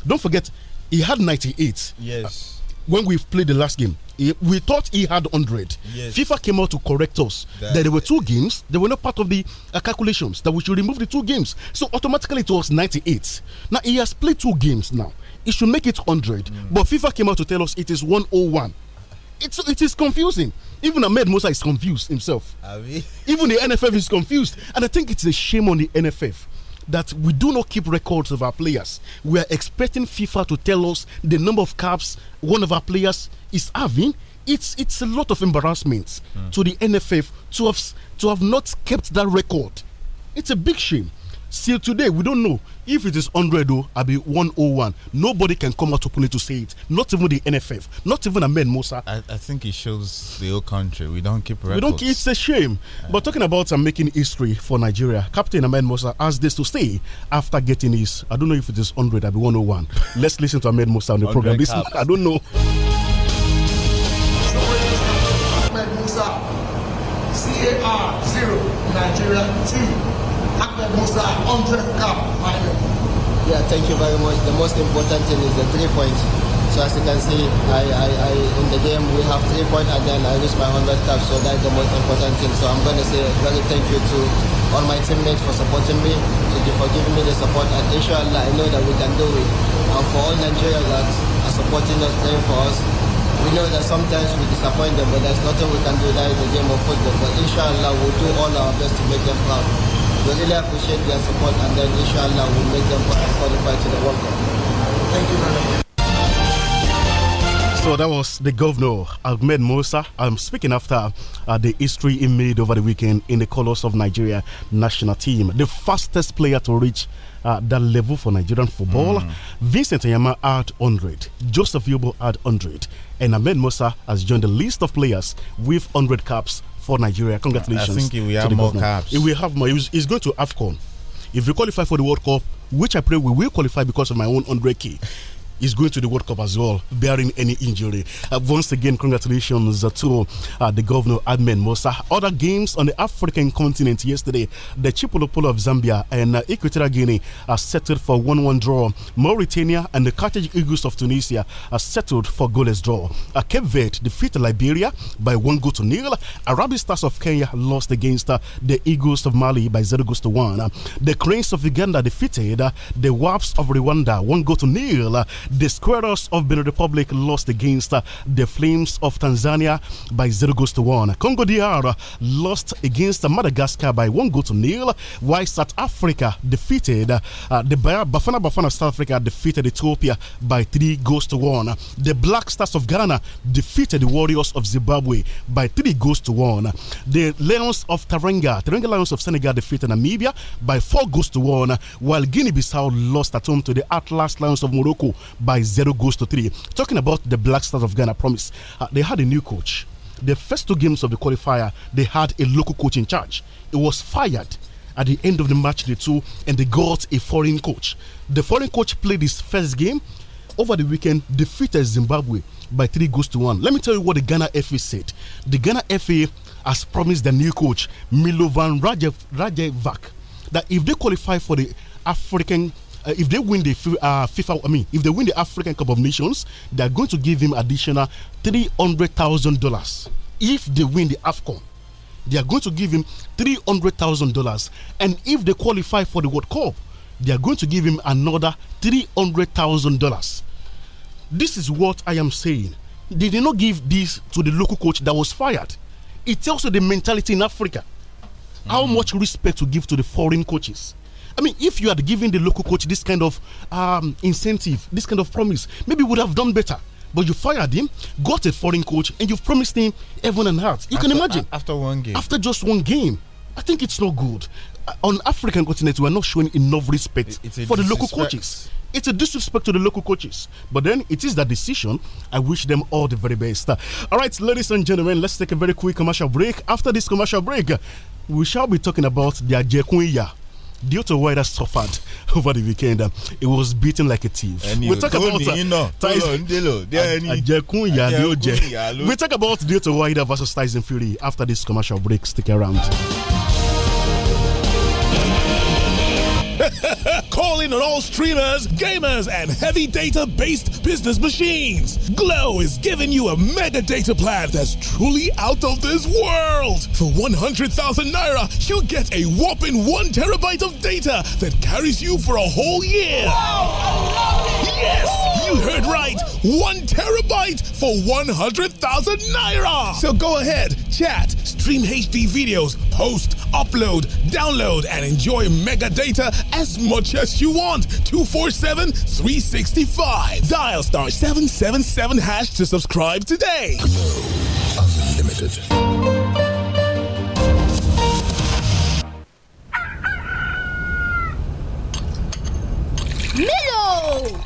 Speaker 11: Don't forget, he had 98. Yes. Uh, when we played the last game, we thought he had 100. Yes. FIFA came out to correct us that, that there were two games, they were not part of the uh, calculations, that we should remove the two games. So automatically it was 98. Now he has played two games now. It should make it 100. Mm. But FIFA came out to tell us it is 101 it's it is confusing. Even Ahmed Musa is confused himself. Even the NFF is confused, and I think it's a shame on the NFF that we do not keep records of our players. We are expecting FIFA to tell us the number of caps one of our players is having. It's it's a lot of embarrassment mm. to the NFF to have to have not kept that record. It's a big shame. Still today, we don't know if it is 100 or I'll be 101. Nobody can come out openly to say it. Not even the NFF. Not even Ahmed Musa.
Speaker 3: I, I think it shows the whole country. We don't keep records. We don't.
Speaker 11: It's a shame. Uh, but talking about uh, making history for Nigeria, Captain Ahmed Musa asked this to stay after getting his. I don't know if it is 100. I'll be 101. Let's listen to Ahmed Musa on the program. This, I don't know.
Speaker 14: Ahmed Musa, CAR zero, Nigeria two. Ahmed Musa, final.
Speaker 8: Yeah, thank you very much. The most important thing is the three points. So as you can see, I, I, I in the game we have three points and then I reached my 100 cap. So that's the most important thing. So I'm going to say very thank you to all my teammates for supporting me, to for giving me the support. And inshallah, I know that we can do it. And for all Nigeria that are supporting us, playing for us, we know that sometimes we disappoint them, but there's nothing we can do that in the game of football. But inshallah, we'll do all our best to make them proud really appreciate their support and then inshallah we'll make them qualify to the World Cup. Thank you very much.
Speaker 11: So that was the governor, Ahmed Musa. I'm speaking after uh, the history he made over the weekend in the colors of Nigeria national team. The fastest player to reach uh, that level for Nigerian football. Mm. Vincent Ayama had 100. Joseph Yobo had 100. And Ahmed Musa has joined the list of players with 100 caps for Nigeria. Congratulations. I think we have more caps. We will have more. It's going to AFCON. If we qualify for the World Cup, which I pray we will qualify because of my own 100k is going to the World Cup as well, bearing any injury. Uh, once again, congratulations to uh, the governor, Admin Mosa. Other games on the African continent yesterday, the Chipolopolo of Zambia and uh, Equatorial Guinea are settled for 1 1 draw. Mauritania and the Carthage Eagles of Tunisia are settled for goalless draw. Uh, Cape Verde defeated Liberia by 1 goal to nil. Arabic Stars of Kenya lost against uh, the Eagles of Mali by 0 goals to 1. the Cranes of Uganda defeated uh, the Waps of Rwanda 1 goal to nil. The Squares of Benin Republic lost against uh, the Flames of Tanzania by 0 goals to 1. Congo DR lost against uh, Madagascar by 1 goal to nil, while South Africa defeated uh, the Bafana Bafana of South Africa defeated Ethiopia by 3 goals to 1. The Black Stars of Ghana defeated the Warriors of Zimbabwe by 3 goals to 1. The Lions of Taranga, Taranga Lions of Senegal defeated Namibia by 4 goals to 1, while Guinea Bissau lost at home to the Atlas Lions of Morocco by zero goals to three. Talking about the Black Stars of Ghana, promise uh, they had a new coach. The first two games of the qualifier, they had a local coach in charge. It was fired at the end of the match day two, and they got a foreign coach. The foreign coach played his first game over the weekend, defeated Zimbabwe by three goals to one. Let me tell you what the Ghana FA said. The Ghana FA has promised the new coach Milovan Rajevac that if they qualify for the African uh, if they win the uh, FIFA, I mean, if they win the African Cup of Nations, they're going to give him additional three hundred thousand dollars. If they win the Afcon, they are going to give him three hundred thousand dollars, and if they qualify for the World Cup, they are going to give him another three hundred thousand dollars. This is what I am saying. They did not give this to the local coach that was fired. It tells you the mentality in Africa. Mm. How much respect to give to the foreign coaches I mean, if you had given the local coach this kind of um, incentive, this kind of promise, maybe would have done better. But you fired him, got a foreign coach, and you've promised him heaven and earth. You after, can imagine.
Speaker 3: After one game. After
Speaker 11: just one game. I think it's not good. On African continent, we are not showing enough respect for the local coaches. It's a disrespect to the local coaches. But then it is that decision. I wish them all the very best. All right, ladies and gentlemen, let's take a very quick commercial break. After this commercial break, we shall be talking about the Ajekunya Due Dioto Wider suffered over the weekend. Uh, it was beaten like a thief.
Speaker 6: Uh, we talk about Tyson. We talk
Speaker 11: about Dioto Wider versus Tyson Fury after this commercial break. Stick around. in on all streamers, gamers, and heavy data based business machines. Glow is giving you a mega data plan that's truly out of this world. For 100,000 naira, you get a
Speaker 14: whopping 1 terabyte of data that carries you for a whole year. Wow, yes! You heard right. One terabyte for 100,000
Speaker 10: naira. So go ahead, chat, stream HD videos, post, upload, download, and enjoy mega data as much as you want. 247
Speaker 11: 365. Dial star 777 hash to subscribe today.
Speaker 14: Unlimited. Milo!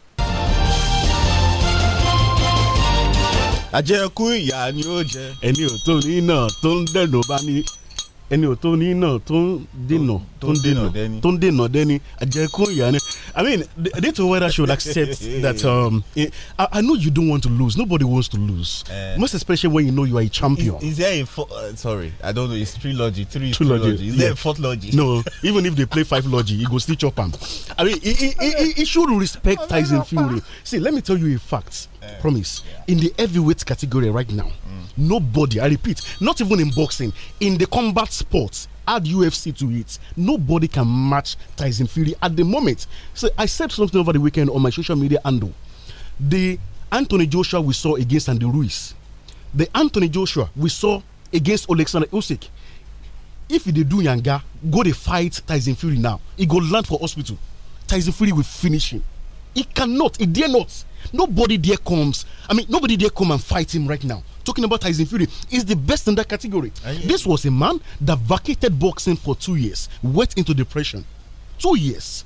Speaker 11: àjẹkù ìyá ni ó jẹ. ẹni ò tó ní náà tó ń dẹ̀nà bá ní ẹni ò tó ní náà tó ń dènà tó ń dènà tó ń dènà dẹ́ni àjẹkù ìyá ni. I mean they too whether should accept that um, eh, I, I know you don't want to lose nobody wants to lose uh, most especially when you know you are a champion. Is,
Speaker 3: is there a four, uh, sorry I don't know it's three logi three two logi is yeah. there a fourth logi.
Speaker 11: No even if they play five logi he go still chop am. I mean he he he, he should respect oh, Tyson Fury. See let me tell you a fact promise yeah. in the heavyweight category right now mm. nobody i repeat not even in boxing in the combat sports add ufc to it nobody can match tyson fury at the moment so i said something over the weekend on my social media handle the anthony joshua we saw against andy ruiz the anthony joshua we saw against alexander usyk if they do yanga go to fight tyson fury now he go land for hospital tyson fury will finish him he cannot, he dare not. Nobody there comes. I mean, nobody there come and fight him right now. Talking about Tyson Fury is the best in that category. This was a man that vacated boxing for two years, went into depression. Two years.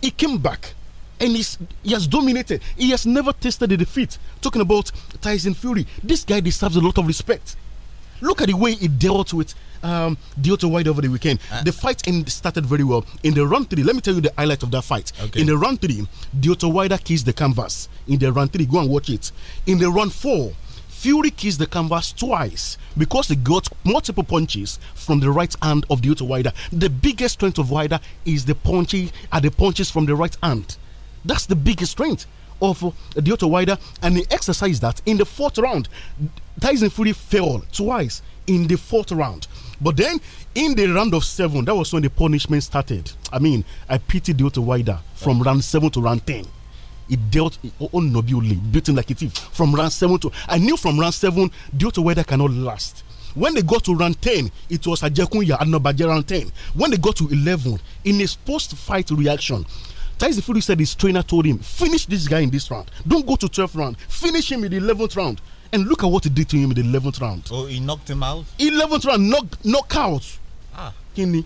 Speaker 11: He came back and he has dominated. He has never tasted a defeat. Talking about Tyson Fury, this guy deserves a lot of respect. Look at the way he dealt with um, Deontay Wilder over the weekend. Uh, the fight in, started very well. In the round three, let me tell you the highlight of that fight. Okay. In the round three, Dioto Wider kissed the canvas. In the round three, go and watch it. In the round four, Fury kissed the canvas twice because he got multiple punches from the right hand of Dioto Wider. The biggest strength of Wider is the punchy are the punches from the right hand. That's the biggest strength of Dioto Wider, and he exercised that in the fourth round. Tyson Fury fell twice in the fourth round. But then in the round of seven, that was when the punishment started. I mean, I pity the Wider from yeah. round seven to round ten he dealt unnobly, beat beating like a thief from round seven to. I knew from round seven the to Wider cannot last. When they got to round 10, it was Ajekunya and Nobaje round 10. When they got to 11, in his post fight reaction, Tyson Fury said his trainer told him, Finish this guy in this round. Don't go to 12th round. Finish him in the 11th round. And look at what he did to him in the eleventh round. Oh, he knocked him out. Eleventh round, knock knockout. Ah, Kenny,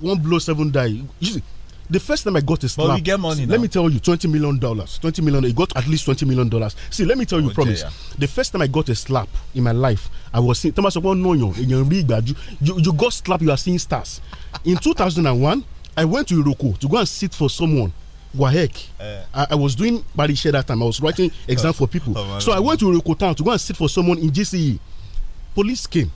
Speaker 11: one blow, seven die. You see, the first time I got a slap. But we get money see, Let me tell you, twenty million dollars. Twenty million. He got at least twenty million dollars. See, let me tell you, oh, promise. Yeah. The first time I got a slap in my life, I was seeing Thomas You you you got slapped. You are seeing stars. In two thousand and one, I went to Iroko to go and sit for someone WAEC. Yeah. I, I, was doing Barishe that time. I was writing exam for people. Oh, so I went to town to go and sit for someone in GCE. Police came.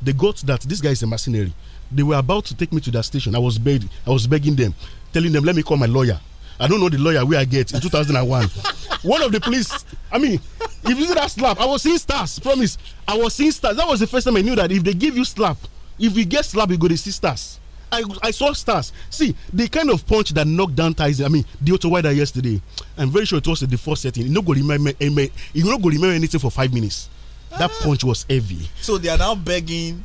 Speaker 11: They got that this guy is a mercenary. They were about to take me to that station. I was begging. I was begging them, telling them, let me call my lawyer. I don't know the lawyer where I get in 2001. One of the police, I mean, if you see that slap, I was seeing stars, promise. I was seeing stars. That was the first time I knew that if they give you slap, if you get slap, you go to see stars. I, I saw stars. See, the kind of punch that knocked down Tyson, I mean, the Otto Wider yesterday, I'm very sure it was the first setting. You're not going to remember, eh, remember anything for five minutes. That ah. punch was heavy.
Speaker 3: So they are now begging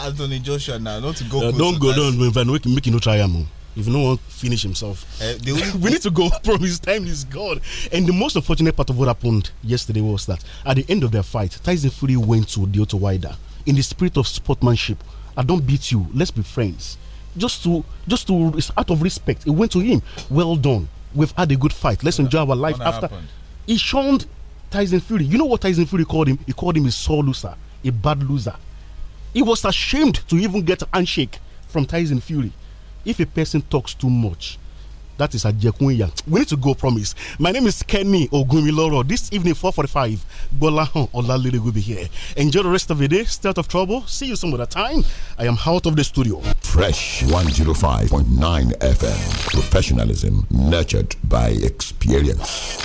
Speaker 3: Anthony Joshua now not to go. Uh, don't go, don't.
Speaker 11: Van Wick making no oh. if no one finish himself.
Speaker 3: Uh, we need to go from his time is
Speaker 11: gone. And the most unfortunate part of what happened yesterday was that at the end of their fight, Tyson Fury went to Deoto Wider in the spirit of sportsmanship. I don't beat you. Let's be friends just to just to out of respect, it went to him. Well done. We've had a good fight. Let's yeah. enjoy our life what after. Happened? He shunned Tyson Fury. You know what Tyson Fury called him? He called him a sore loser, a bad loser. He was ashamed to even get a handshake from Tyson Fury. If a person talks too much, that is Ajekunya. We need to go, promise. My name is Kenny Ogumiloro. This evening, 4.45, Bolahan Olalere will be here. Enjoy the rest of the day. Stay out of trouble. See you some other time. I am out of the studio. Fresh 105.9 FM. Professionalism nurtured by experience.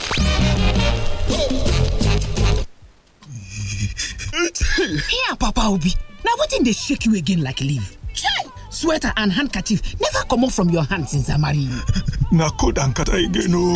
Speaker 4: here papa obi Now, what wetin dey shake you again like leave? chai sweater and handkerchief never comot from your hand since i marry you.
Speaker 14: na cold and kata again o.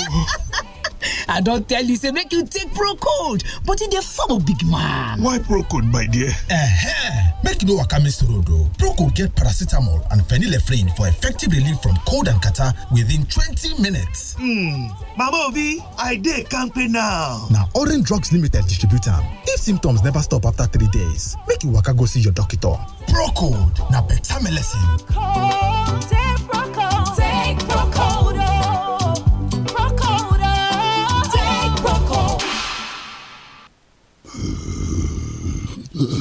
Speaker 4: i don't tell you say make you take Procode, but e dey form of big man why
Speaker 11: Procode, my dear eh make you no waka miss road o procold get paracetamol and
Speaker 10: phenylephrine
Speaker 11: for effective relief from cold and catar within 20 minutes hmm mama obi i dey kampe now Now, orange drugs limited distributor. if symptoms never stop after three days make you waka go see your doctor Procode. procold na beta melecine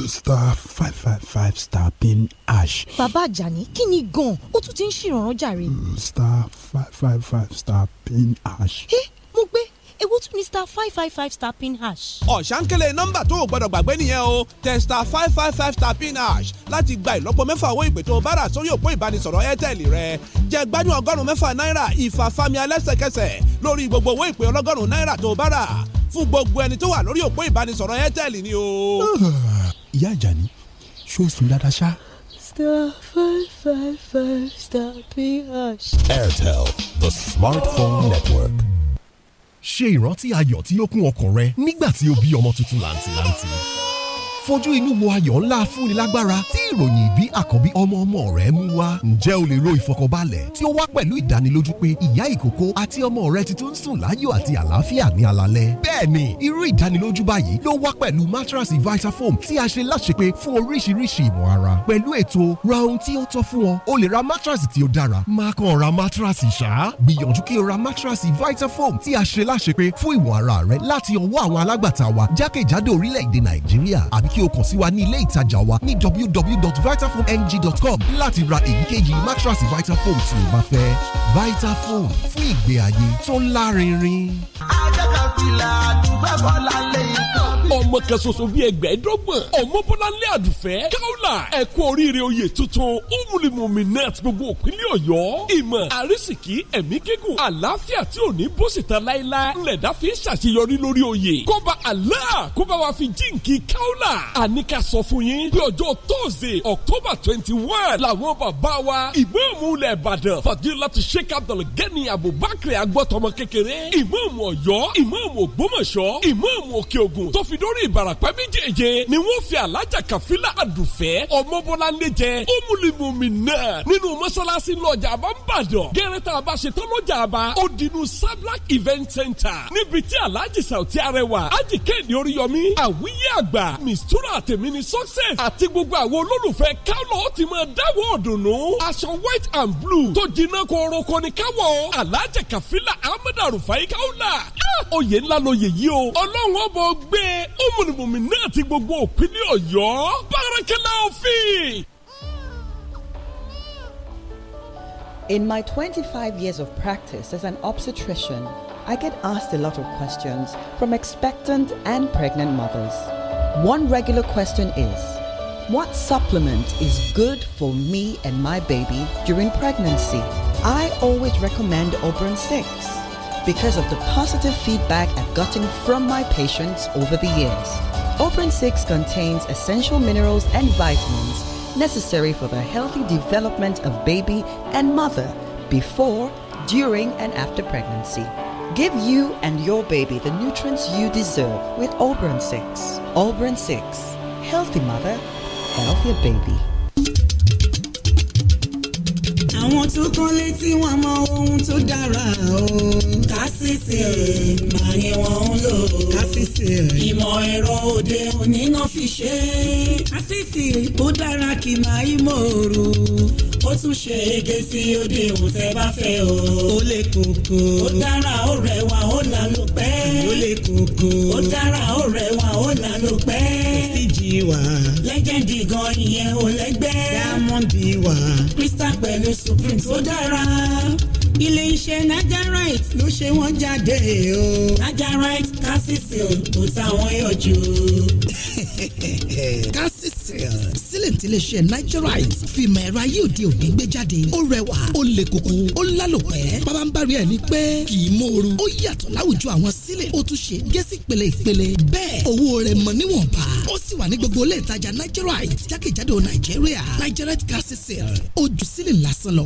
Speaker 9: star five five five star pin hash.
Speaker 7: bàbá àjàní kí ni gan-an ó tún ti ń ṣèrànràn jàre. Mm,
Speaker 9: star five five five star pin hash.
Speaker 7: ẹ mo gbé èwo tún ni star five five five star pin hash.
Speaker 10: ọ̀sánkélé nọ́mbà tó o gbọ́dọ̀ gbàgbé nìyẹn o tẹ star five five five star pin hash láti gba ìlọ́po mẹ́fà owó ìpè tó o bá rà sórí òpó ìbánisọ̀rọ̀ airtel rẹ jẹ gbádùn ọgọ́rùn-ún mẹ́fà náírà ìfàfàmì alẹ́sẹ̀kẹsẹ̀ lórí gbogbo owó ìpè ọlọ́gọ́rùn-ún náírà tó o bá rà fún gbogbo ẹni tó wà lórí òpó ìbánisọ̀rọ̀ airtel ni o.
Speaker 11: ìyá àjàní ṣó sùn dáadáa ṣá.
Speaker 7: star five five five star ph.
Speaker 3: airtel the smartphone
Speaker 11: network. ṣe ìrántí ayọ̀ tí ó kún ọkàn rẹ nígbà tí o bí ọmọ tuntun làǹtìlanti fojú inú wo ayọ̀ ńlá fúnni lágbára tí ìròyìn ìbí àkọ́bí ọmọ ọmọ rẹ̀ mú wá. ǹjẹ́ o lè ro ìfọkànbalẹ̀ tí ó wá pẹ̀lú ìdánilójú pé ìyá ìkókó àti ọmọ rẹ̀ ti tún sùn láyọ̀ àti àlàáfíà ní alalẹ́. bẹ́ẹ̀ni irú ìdánilójú báyìí ló wá pẹ̀lú matrasi vitafoam tí a ṣe láṣepé fún oríṣiríṣi ìwọ̀n ara. pẹ̀lú ètò ra ohun tí ó tọ́ fún ọ o lè ra matrasi tí ó dára má kàn ra matrasi ṣá. gbìyànjú kí o ra matrasi vitafoam tí a ṣe láṣepé fún ìwọ̀n ara rẹ láti ọwọ́ àwọn alágbàtà wa jákèjádò orílẹ̀-èdè nàìjíríà àbí k kí
Speaker 8: o kàn sí wa ní ilé ìtajà wa ní www.vitafoamng.com láti ra èyíkéyìí mattress
Speaker 10: Vitafoam tí o bá fẹ́ Vitafoam fún ìgbé ayé tó lárinrin. ajákàkìlà àdúgbò bọ́lá lè kọ́ ọmọ kan ṣoṣo bíi ẹgbẹ̀ẹ́dọ́gbọ̀n ọmọbọ́láńlé àdùfẹ́ káwùlà ẹ̀kú oríire oyè tuntun umulimumi net gbogbo òpínlẹ̀ ọ̀yọ́ ìmọ̀ àrísìkí ẹ̀mí gígùn àlàáfíà tí ò ní bó sì ta láéláé ńlẹ̀dá fi ń ṣàṣeyọrí lórí oyè kọ́ba àlá kó bá wa fi jíǹkì káwùlà àní ká sọ fún yín bí ọjọ́ tóòzè october twenty one làwọn bàbá wa ìmáàmù ilẹ̀ ìbàdàn fàdílátù sheikh abdulgani abubakar agbọ́tọmọ kékeré ìmáàmù ọ̀yọ́ ìmáàmù ògbómọ̀ṣọ́ ìmáàmù òkè ògùn tó fi dórí ìbàràpá méjèèje ni wọ́n fi alájà kàfílà àdùfẹ́ ọmọbọ́láńdé jẹ ọmúlimùmí náà nínú mọ́sálásí lọ́jà àbá ń bàdàn gẹ́rẹ́tà àbá ṣetán lọ́jà àbá ó dinú sablak event center níbi tí alájì sàùtí arẹwà ájì kéde oríyọmí àwíyé ìtura tèmi ni success àti gbogbo àwọn olólùfẹ́ kálọ̀ ti máa dáwọ́ ọ̀dùnnú. aṣọ white and blue tó jiná koroko ni káwọ̀ alájẹ kàfílà amadu rufai káwọ́là. Ah, oyè ńlá ló yè o ọlọ́run ọbọ̀ gbé ọmọnìmọ̀mí náà ti gbogbo òpínlẹ̀ ọ̀yọ́ bárakẹ́lá òfin.
Speaker 7: In my 25 years of practice as an obstetrician, I get asked a lot of questions from expectant and pregnant mothers. One regular question is What supplement is good for me and my baby during pregnancy? I always recommend Oberon 6 because of the positive feedback I've gotten from my patients over the years. Oberon 6 contains essential minerals and vitamins necessary for the healthy development of baby and mother before, during, and after pregnancy. Give you and your baby the nutrients you deserve with Auburn 6. Auburn 6. Healthy mother,
Speaker 1: healthier baby.
Speaker 7: àwọn tó kán létí wọn mọ ohun tó dára o. kásìsì máa ni wọ́n ń lò.
Speaker 13: kásìsì ìmọ̀
Speaker 7: ẹ̀rọ òde òní náà fi ṣe. kásìsì ó dára kì máa ó tún ṣe ege sí òde ìwòsàn bá fẹ́ o. ó lè kókó. ó dára ó rẹwà ó là ló pẹ́. ó lè kókó. ó dára ó rẹwà ó là ló pẹ́. prestige wà. legend gan ìyẹn ò lẹ́gbẹ́. diamond wà. crystal pẹ̀lú supreme tó dára ilé iṣẹ́ Nigerite ló ṣe wọ́n jáde o. Nigerite kásìsì ò táwọn yọjú. sílẹ̀ tí lè ṣe nigerite fìmọ̀ ẹ̀rọ ayé òde òní gbé jáde ó
Speaker 4: rẹwà ó le koko ó lálòpẹ́ bàbá ń bari ẹ̀ ní pẹ́ kì í mòoru ó yàtọ̀ láwùjọ
Speaker 7: àwọn sílẹ̀ ó tún ṣe gẹ́sì pèlè ìpèlè bẹ́ẹ̀ owó rẹ̀ mọ̀ níwọ̀nba ó sì wà ní gbogbo ilé ìtajà nigerite jákèjádò nàìjíríà nigerite gas sale ó ju sílẹ̀ lásán lọ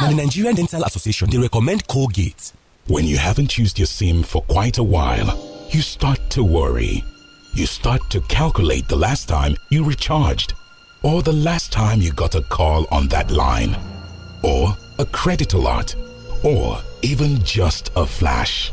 Speaker 11: Now, the Nigerian Dental Association, they recommend Colgate. When you haven't used your SIM for quite a while, you start to worry. You start to calculate the last time you recharged, or the last time you got a call on that line, or a credit alert, or even just a flash.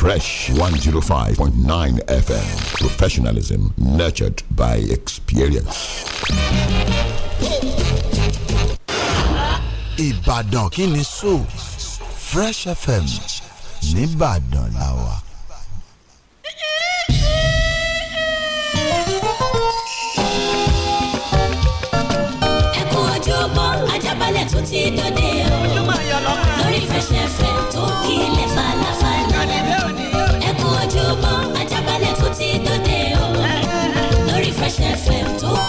Speaker 3: Fresh 105.9 FM. Professionalism nurtured by experience.
Speaker 11: Ìbàdàn kí so
Speaker 8: Fresh
Speaker 4: FM nìbàdàn la wà.
Speaker 6: Ẹkún ojúbọ ajábalẹ̀ tó ti dòde o FM tó kílẹ̀ falafel.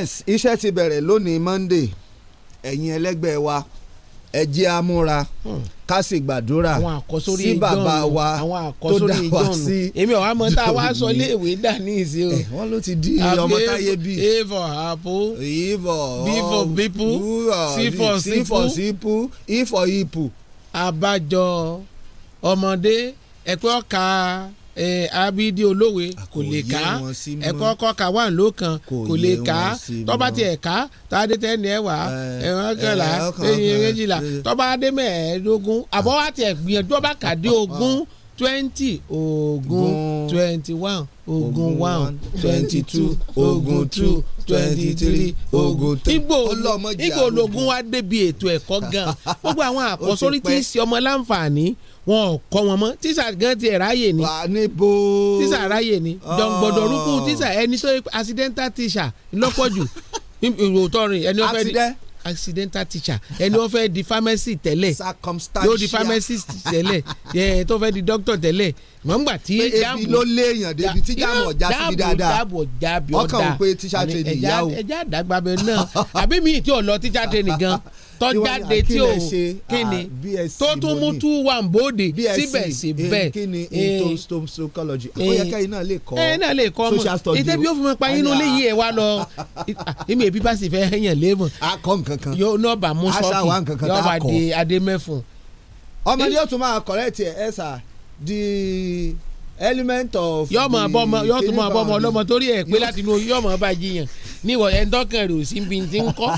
Speaker 8: yes iṣẹ́ ti bẹ̀rẹ̀ lónìí monday ẹ̀yin ẹlẹ́gbẹ́ wa ẹ jẹ́ a múra hmm. ká sì gbàdúrà sí bàbá wa tó dá wa sí. èmi ọ̀ àmọ́ tá a wá sọ léèwé
Speaker 9: dà ní ìsí o. Eh, wọ́n ló ti di ọmọ táyé bí. a for apple. e for b for bipu. Oh, c for sipu. c for sipu. e for ipu. àbájọ ọmọdé ẹ̀pẹ́ ọ̀ka abidi olówe kò lè ká ẹ̀kọ́ kọ́ ká wà kò lè ká tọ́ba tiẹ̀ ká tàdé tẹ́ni ẹ̀wà ẹ̀wọ̀n kẹlá ẹ̀yìn méjìlá tọ́ba adé mẹ́ẹ̀ẹ́dógún àbọ̀ gbìyànjú ọba kàdé ogún twenty ogún twenty one ogún one twenty two ogún two twenty three ogun tẹ igbo ológun wa débi ètò ẹ̀kọ́ gan gbogbo àwọn àkọsórí tí ń ṣe ọmọ láǹfààní wọn ò kọ́ wọn mọ́ tíṣà gan ti ẹ̀ ráyè ni tíṣà ráyè ni ah. gbọ̀dọ̀rúkú tíṣà ẹni tó accidental tíṣà lọ́pọ̀ jù òótọ́ rìn ẹni wọ́n fẹ́ di accidental teacher ẹni wọ́n fẹ́ di pharmacy tẹ́lẹ̀ yóò di pharmacy tẹ́lẹ̀ ẹ tó fẹ́ di doctor tẹ́lẹ̀ wọ́n gbà tí jáàmù ebi ló léèyàn débi tí jáàmù ọjà síbi dáadáa jáàmù ọjà bí ọ̀dà ọkàn wípé teacher training ìyá o ẹja àdàgbà bẹ náà àbí mi tí ò lọ teacher training gan tọ́jáde tí o kíni ah, tó tún mú tú wà ń bóde síbẹ̀síbẹ̀. Eh, kíni entomology akóyẹkẹ iná lè kọ́ ẹ náà lè kọ́ eh, mọ̀ ìtẹ́ bí ó fi mọ pa inú léyìí ẹ̀ wá lọ ìmọ̀ èbí bá sì fẹ́ yàn léèmọ̀. a kọ́ nǹkan kan yóò náà bá mú sọ́ọ̀kì yóò bá di adé mẹ́fun. ọmọdé eh, yóò tún máa correct ẹ ẹ sà di element of. yọ́ọ̀ mọ̀ abọ́mọ yọ́ọ̀ tún mọ̀ abọ́mọ ọlọ́mọ torí ẹ̀ pé láti inú yọ́ọ̀ mọ̀ bá jiyàn níwọ̀ ẹ̀ ń tọ́kàn rò sí bí ti ń kọ́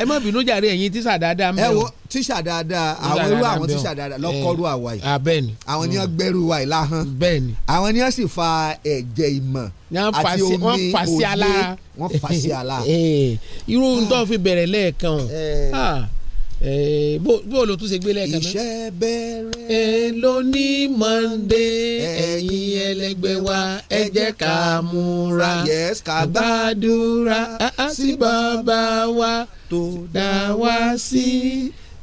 Speaker 9: ẹ má bínú jàre ẹ̀yin tíṣà dáadáa mẹ́rin. ẹ wo tíṣà dáadáa àwọn irú àwọn tíṣà dáadáa lọ́kọ́rú àwa yìí abẹ́ni ah,
Speaker 8: àwọn ni wọ́n mm. gbẹ́rù wa yìí láhán bẹ́ẹ̀ni àwọn ni wọ́n sì fa ẹ̀jẹ̀ ìmọ̀
Speaker 9: àti omi òye wọ́n fà sí alára. irú tó fi bẹ̀rẹ̀ lẹ́ẹ̀kan o eh. ah. Eh, bó o lo tún ṣe gbé lẹ́ẹ̀kan náà. iṣẹ́ bẹ̀rẹ̀. ẹ ló ní mọ́ndé ẹ̀yin ẹlẹgbẹ́ wa ẹ jẹ́ ká múra gbàdúrà sí bàbá wa tó dá wa sí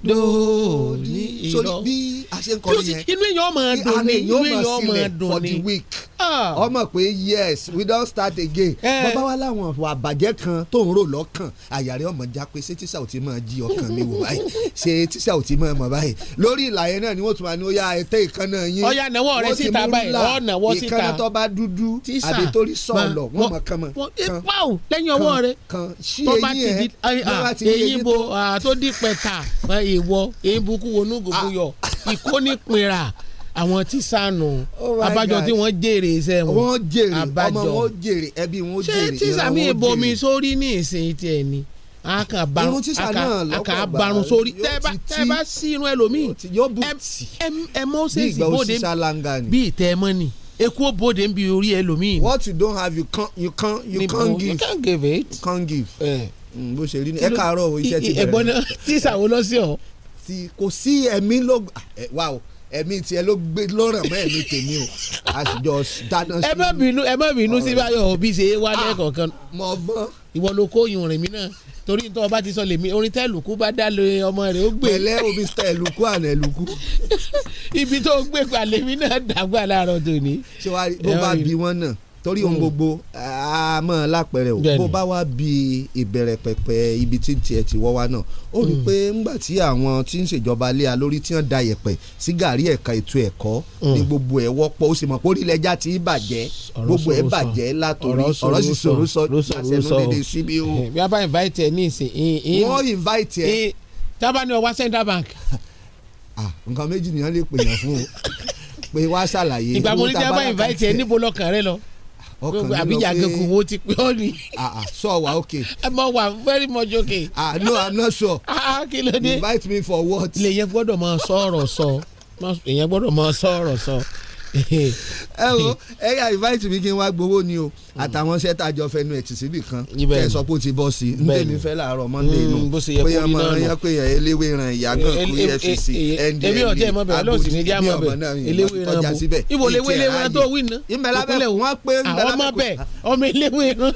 Speaker 9: lóòní sori bí a ṣe ń kọ́
Speaker 8: yẹn inú èèyàn máa dùn ní inú èèyàn máa dùn ní for the week ọmọ ah. pé yes we don start again bàbá eh. wa láwọn wà bàjẹ́ kan tó ń rò lọ́kàn àyàrá ọmọ já pé ṣé tíṣà ò ti máa jí ọkàn mi wò báyìí ṣé tíṣà ò ti máa mọ̀ báyìí lórí ìlàyé náà ni wọ́n tún wà ní ó yá ẹ̀tẹ́ ìkànnà yín ọ̀yà náwó rẹ síta báyìí ọ̀ náwó síta ìkànnà tó bá dúdú àbí torí sọ̀lọ̀ wọ́n mọ̀ kàn mọ̀
Speaker 9: kan lẹ́yìn ọwọ́ rẹ
Speaker 8: kan sí eyín ẹ eyín
Speaker 9: bo tó dípẹ̀ta ìwọ eyín bukú wọnú gògó yọ ah. ìkónípinra àwọn tí sànù oh abájọ tí wọ́n jèrè iṣẹ́ wọn wọ́n jèrè ọmọ wọn jèrè ẹbí wọn jèrè ṣé tíṣà mi bomi sórí ní ìsìn tiẹ̀ ni akabarun akabarun sórí tẹ bá sí irun ẹlòmíì ẹ mọ ṣèṣì bóde bíi tẹ ẹ mọ ni eku bóde ń bi orí ẹlòmíì. what you don't have you can't. you can't. you can't give you can't give it you can give mm, bó ṣe rí ni ẹ káàárọ̀ iṣẹ́ ti bẹ̀rẹ̀ ẹ̀gbọ́n náà tíṣà wo lọ sí ọ. kò sí ẹ̀mí ló ah, wà o
Speaker 8: ẹ̀mí tiẹ̀ ló gbé lọ́ràn bẹ́ẹ̀ ní tèmi o àṣìjọ dáná sí. ẹ má bínú ẹ má bínú sí báyọ̀ òbí
Speaker 9: ṣe é wálé ah, kọ̀ọ̀kan ìwọ ló kó ìyún rìn mí náà torí nítorí ọba ti sọ lèmi orin tẹ́lùkú bá dá lé ọmọ rẹ̀ ó gbé. pẹ̀lẹ́ omi tẹ́lùkú àná ẹ̀lùkú. ibi tó gbé pa lèmi náà dàgbà láàárọ̀ tòní. ṣé wàá bó bá bí wọn náà torí ohun mm. gbogbo
Speaker 8: a máa lápẹẹrẹ o bó bá wá bí ìbẹ̀rẹ̀ pẹ̀pẹ̀ ibi tí tiẹ̀ ti wọ́ wá náà ó rí i mm. pé ńgbà tí àwọn tí ń ṣèjọba lé a lórí tí wọ́n da yẹ̀pẹ̀ sí gàrí ẹ̀ka ètò ẹ̀kọ́ mm. ní gbogbo ẹ̀ wọ́pọ̀ ó sì mọ̀ pé orílẹ̀-èdè ti bàjẹ́ gbogbo ẹ̀ bàjẹ́ látòrí ọ̀rọ̀ sì sọ̀rọ̀ sọ àṣẹnu dédé síbi o. bí
Speaker 9: a bá invite ẹ ní ìsìn. wọ́n invite ẹ. tábà ní Central Bank. Ah, nǹkan méjì nìyẹn lè pè yàn fún o pé wá ṣàlàyé. ìgbà mo ní tí a ọkàn nínú pé àbí jàgẹkùn wo ti pé ọ ni. Ah, ah, sọ wa ok. mo wa very much okay. ah no i'm not sure. ah kí ló dé. invite me for what. lèyẹn gbọ́dọ̀ máa sọ ọ̀rọ̀ sọ èyàn gbọ́dọ̀ máa sọ ọ̀rọ̀ sọ ẹ wo ẹ yà invite mi kí n wá gbowó ni o
Speaker 8: àtàwọn sẹ́tà jọ fẹnu ẹ̀ tì síbì kan kẹ́ ẹ sọ pé ó ti bọ́ sí i ntẹ̀mí fẹ́ làárọ̀ monday mm, nù bóyá ọmọ yẹn pé yẹn eléwé ran ìyàgàn kú efcc ndna agbóti bí ọmọ náà yẹn ọjà síbẹ̀ ìtì ẹ̀
Speaker 9: ààyè ìmẹ̀lábẹ̀ wọ́n pé ìmẹ̀lábẹ̀ ah, ọmọ eléwé ran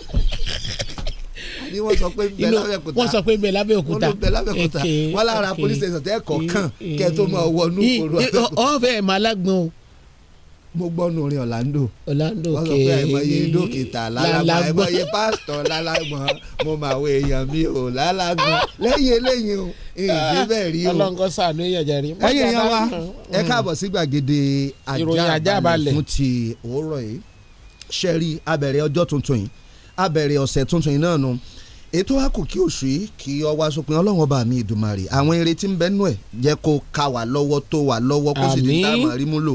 Speaker 9: ni wọ́n sọ pé bẹ lábẹ́òkúta wọ́n sọ pé bẹ lábẹ́òkúta wọ́n bẹ lábẹ́òkúta wọ́n lára police station tẹ́ kọ̀ọ̀kan kẹ́ tó máa wọnú ìkòrò àbẹ́òkúta. ọ̀fẹ́ ẹ̀ máa lágbọ́n o mo gbọ́ nu orin Orlando Orlando kee wọ́n sọ pé àìmọye dókítà lálàmọ́ àìmọye
Speaker 8: pásítọ̀ lálàmọ́ mo mà wo èèyàn mi ò lálàgùn
Speaker 9: lẹ́yìn eléyìí o èyí ah, bẹ́ẹ̀ rí o ọlọ́nkọ́ sànú èèyàn jẹ́ rí. ẹ̀yin èèyàn wa ẹ
Speaker 8: káàbọ̀ sí gbàgede àjàbalẹ̀ fún ti òwúrọ̀ yìí ṣẹ́rí abẹ̀rẹ̀ ọjọ́ tuntun yìí abẹ̀rẹ̀ ọ̀sẹ̀ tuntun yìí náà nu. No ètò àkù kí oṣù yìí kí ọwọ́ asopin ọlọ́run ọba mi ìdùmarè àwọn eré tí ń bẹ nù ẹ̀ jẹ́ kó ká wà lọ́wọ́ tó wà lọ́wọ́ kó sì di dáàmú àrímúlò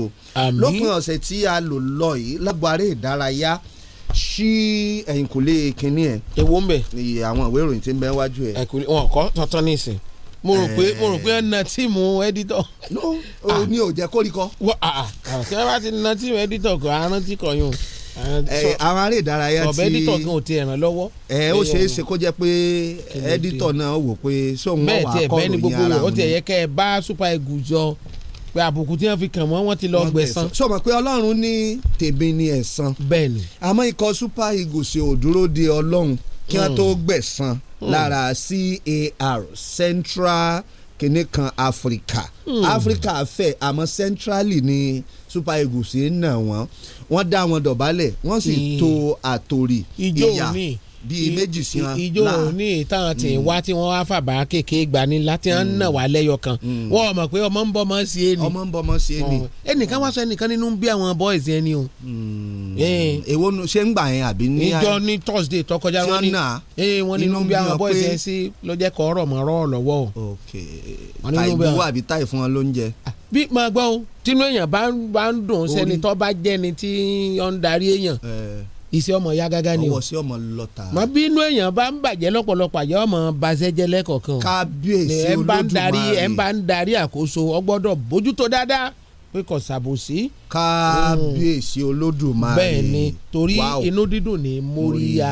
Speaker 8: lópin ọ̀sẹ̀ tí a lò lọ yìí lágbára ìdárayá ṣí ẹ̀yìn kò lè kínní ẹ̀. ewo ń bẹ. iye àwọn ìwé ìròyìn tí ń bẹ wájú ẹ̀. ẹkùnrin wọn kọ
Speaker 9: tọ̀tọ̀ ní ìsìn mo rò pé mo rò pé ẹ tíìmù ẹdítọ̀. ní o ah. jẹ́ kórìkọ. àà àà wọ́n bá ti na tíìmù ẹdítọ̀ kò á rántí kọ̀yún. Eh, àwọn aré ìdárayá ti sọ̀bẹ́dítọ̀ gan ò ti ràn lọ́wọ́. ẹ eh, ó eh, ṣe é ṣe kó jẹ́ pé ẹ́dítọ̀
Speaker 8: náà wò pé sóun wà á kọ́ ìròyìn ara wọn. ó ti ẹ̀yẹ
Speaker 9: kẹ́ ẹ bá super eagles jọ pé àbùkù tí wọ́n fi kàn wọ́n wọ́n ti lọ gbẹ̀san. sọmọ pé ọlọ́run ní tèmi ni ẹ̀san. bẹ́ẹ̀ni. àmọ́ ikọ̀
Speaker 8: super eagles ò dúró de ọlọ́run kí wọ́n hmm. tó gbẹ̀san hmm. lára CAR Central kìnnì kan Africa. Hmm. Africa fẹ̀ àmọ́ centrally ni super eagles ń nà wọ́n wọ́n dá wọn dọ̀bálẹ̀ wọ́n sì hmm. to
Speaker 9: àtòrí ìyà bíi méjì sí wọn. ìjọ òní táwọn ti hmm. wá tí wọ́n wá fàbà kéèké gbani láti hàn hmm. náà wà lẹ́yọ kan wọ́n mọ̀ pé ọmọ ń bọ́ ọmọ sí ẹni. ọmọ ń bọ́ ọmọ sí ẹni. ẹnìkan wá sọ ẹnìkan nínú bí àwọn boys yẹn ni o. èwo ṣé ń gbà yẹn àbí ní. ìjọ ní Thursday tó kọjá wọn ni wọn nínú bí àwọn boys yẹn sí ló jẹ́ kọ́ ọ̀rọ̀ mọ́ ọ̀rọ̀ lọ́wọ́ o. ok tàìbú àbí táì fún bí máa gbọ́ o tínú èèyàn bá ń dùn sẹ́ni tó bá jẹ́ni tí ó ń darí èèyàn iṣẹ́ ọmọ ya gágá ni o ọwọ́ sí
Speaker 8: ọmọ lọ́ta.
Speaker 9: mọ bí inú èèyàn bá ń bàjẹ́ lọ́pọ̀lọpọ̀ àyẹ́ ọmọ basẹ́jẹ́ lẹ́kọ̀ọ̀kan. kábíyèsí olódùmarè ẹ̀ ń kábíyèsí
Speaker 8: hmm. olódùmarè bẹ́ẹ̀ ni torí inú dídùn ní móríyá.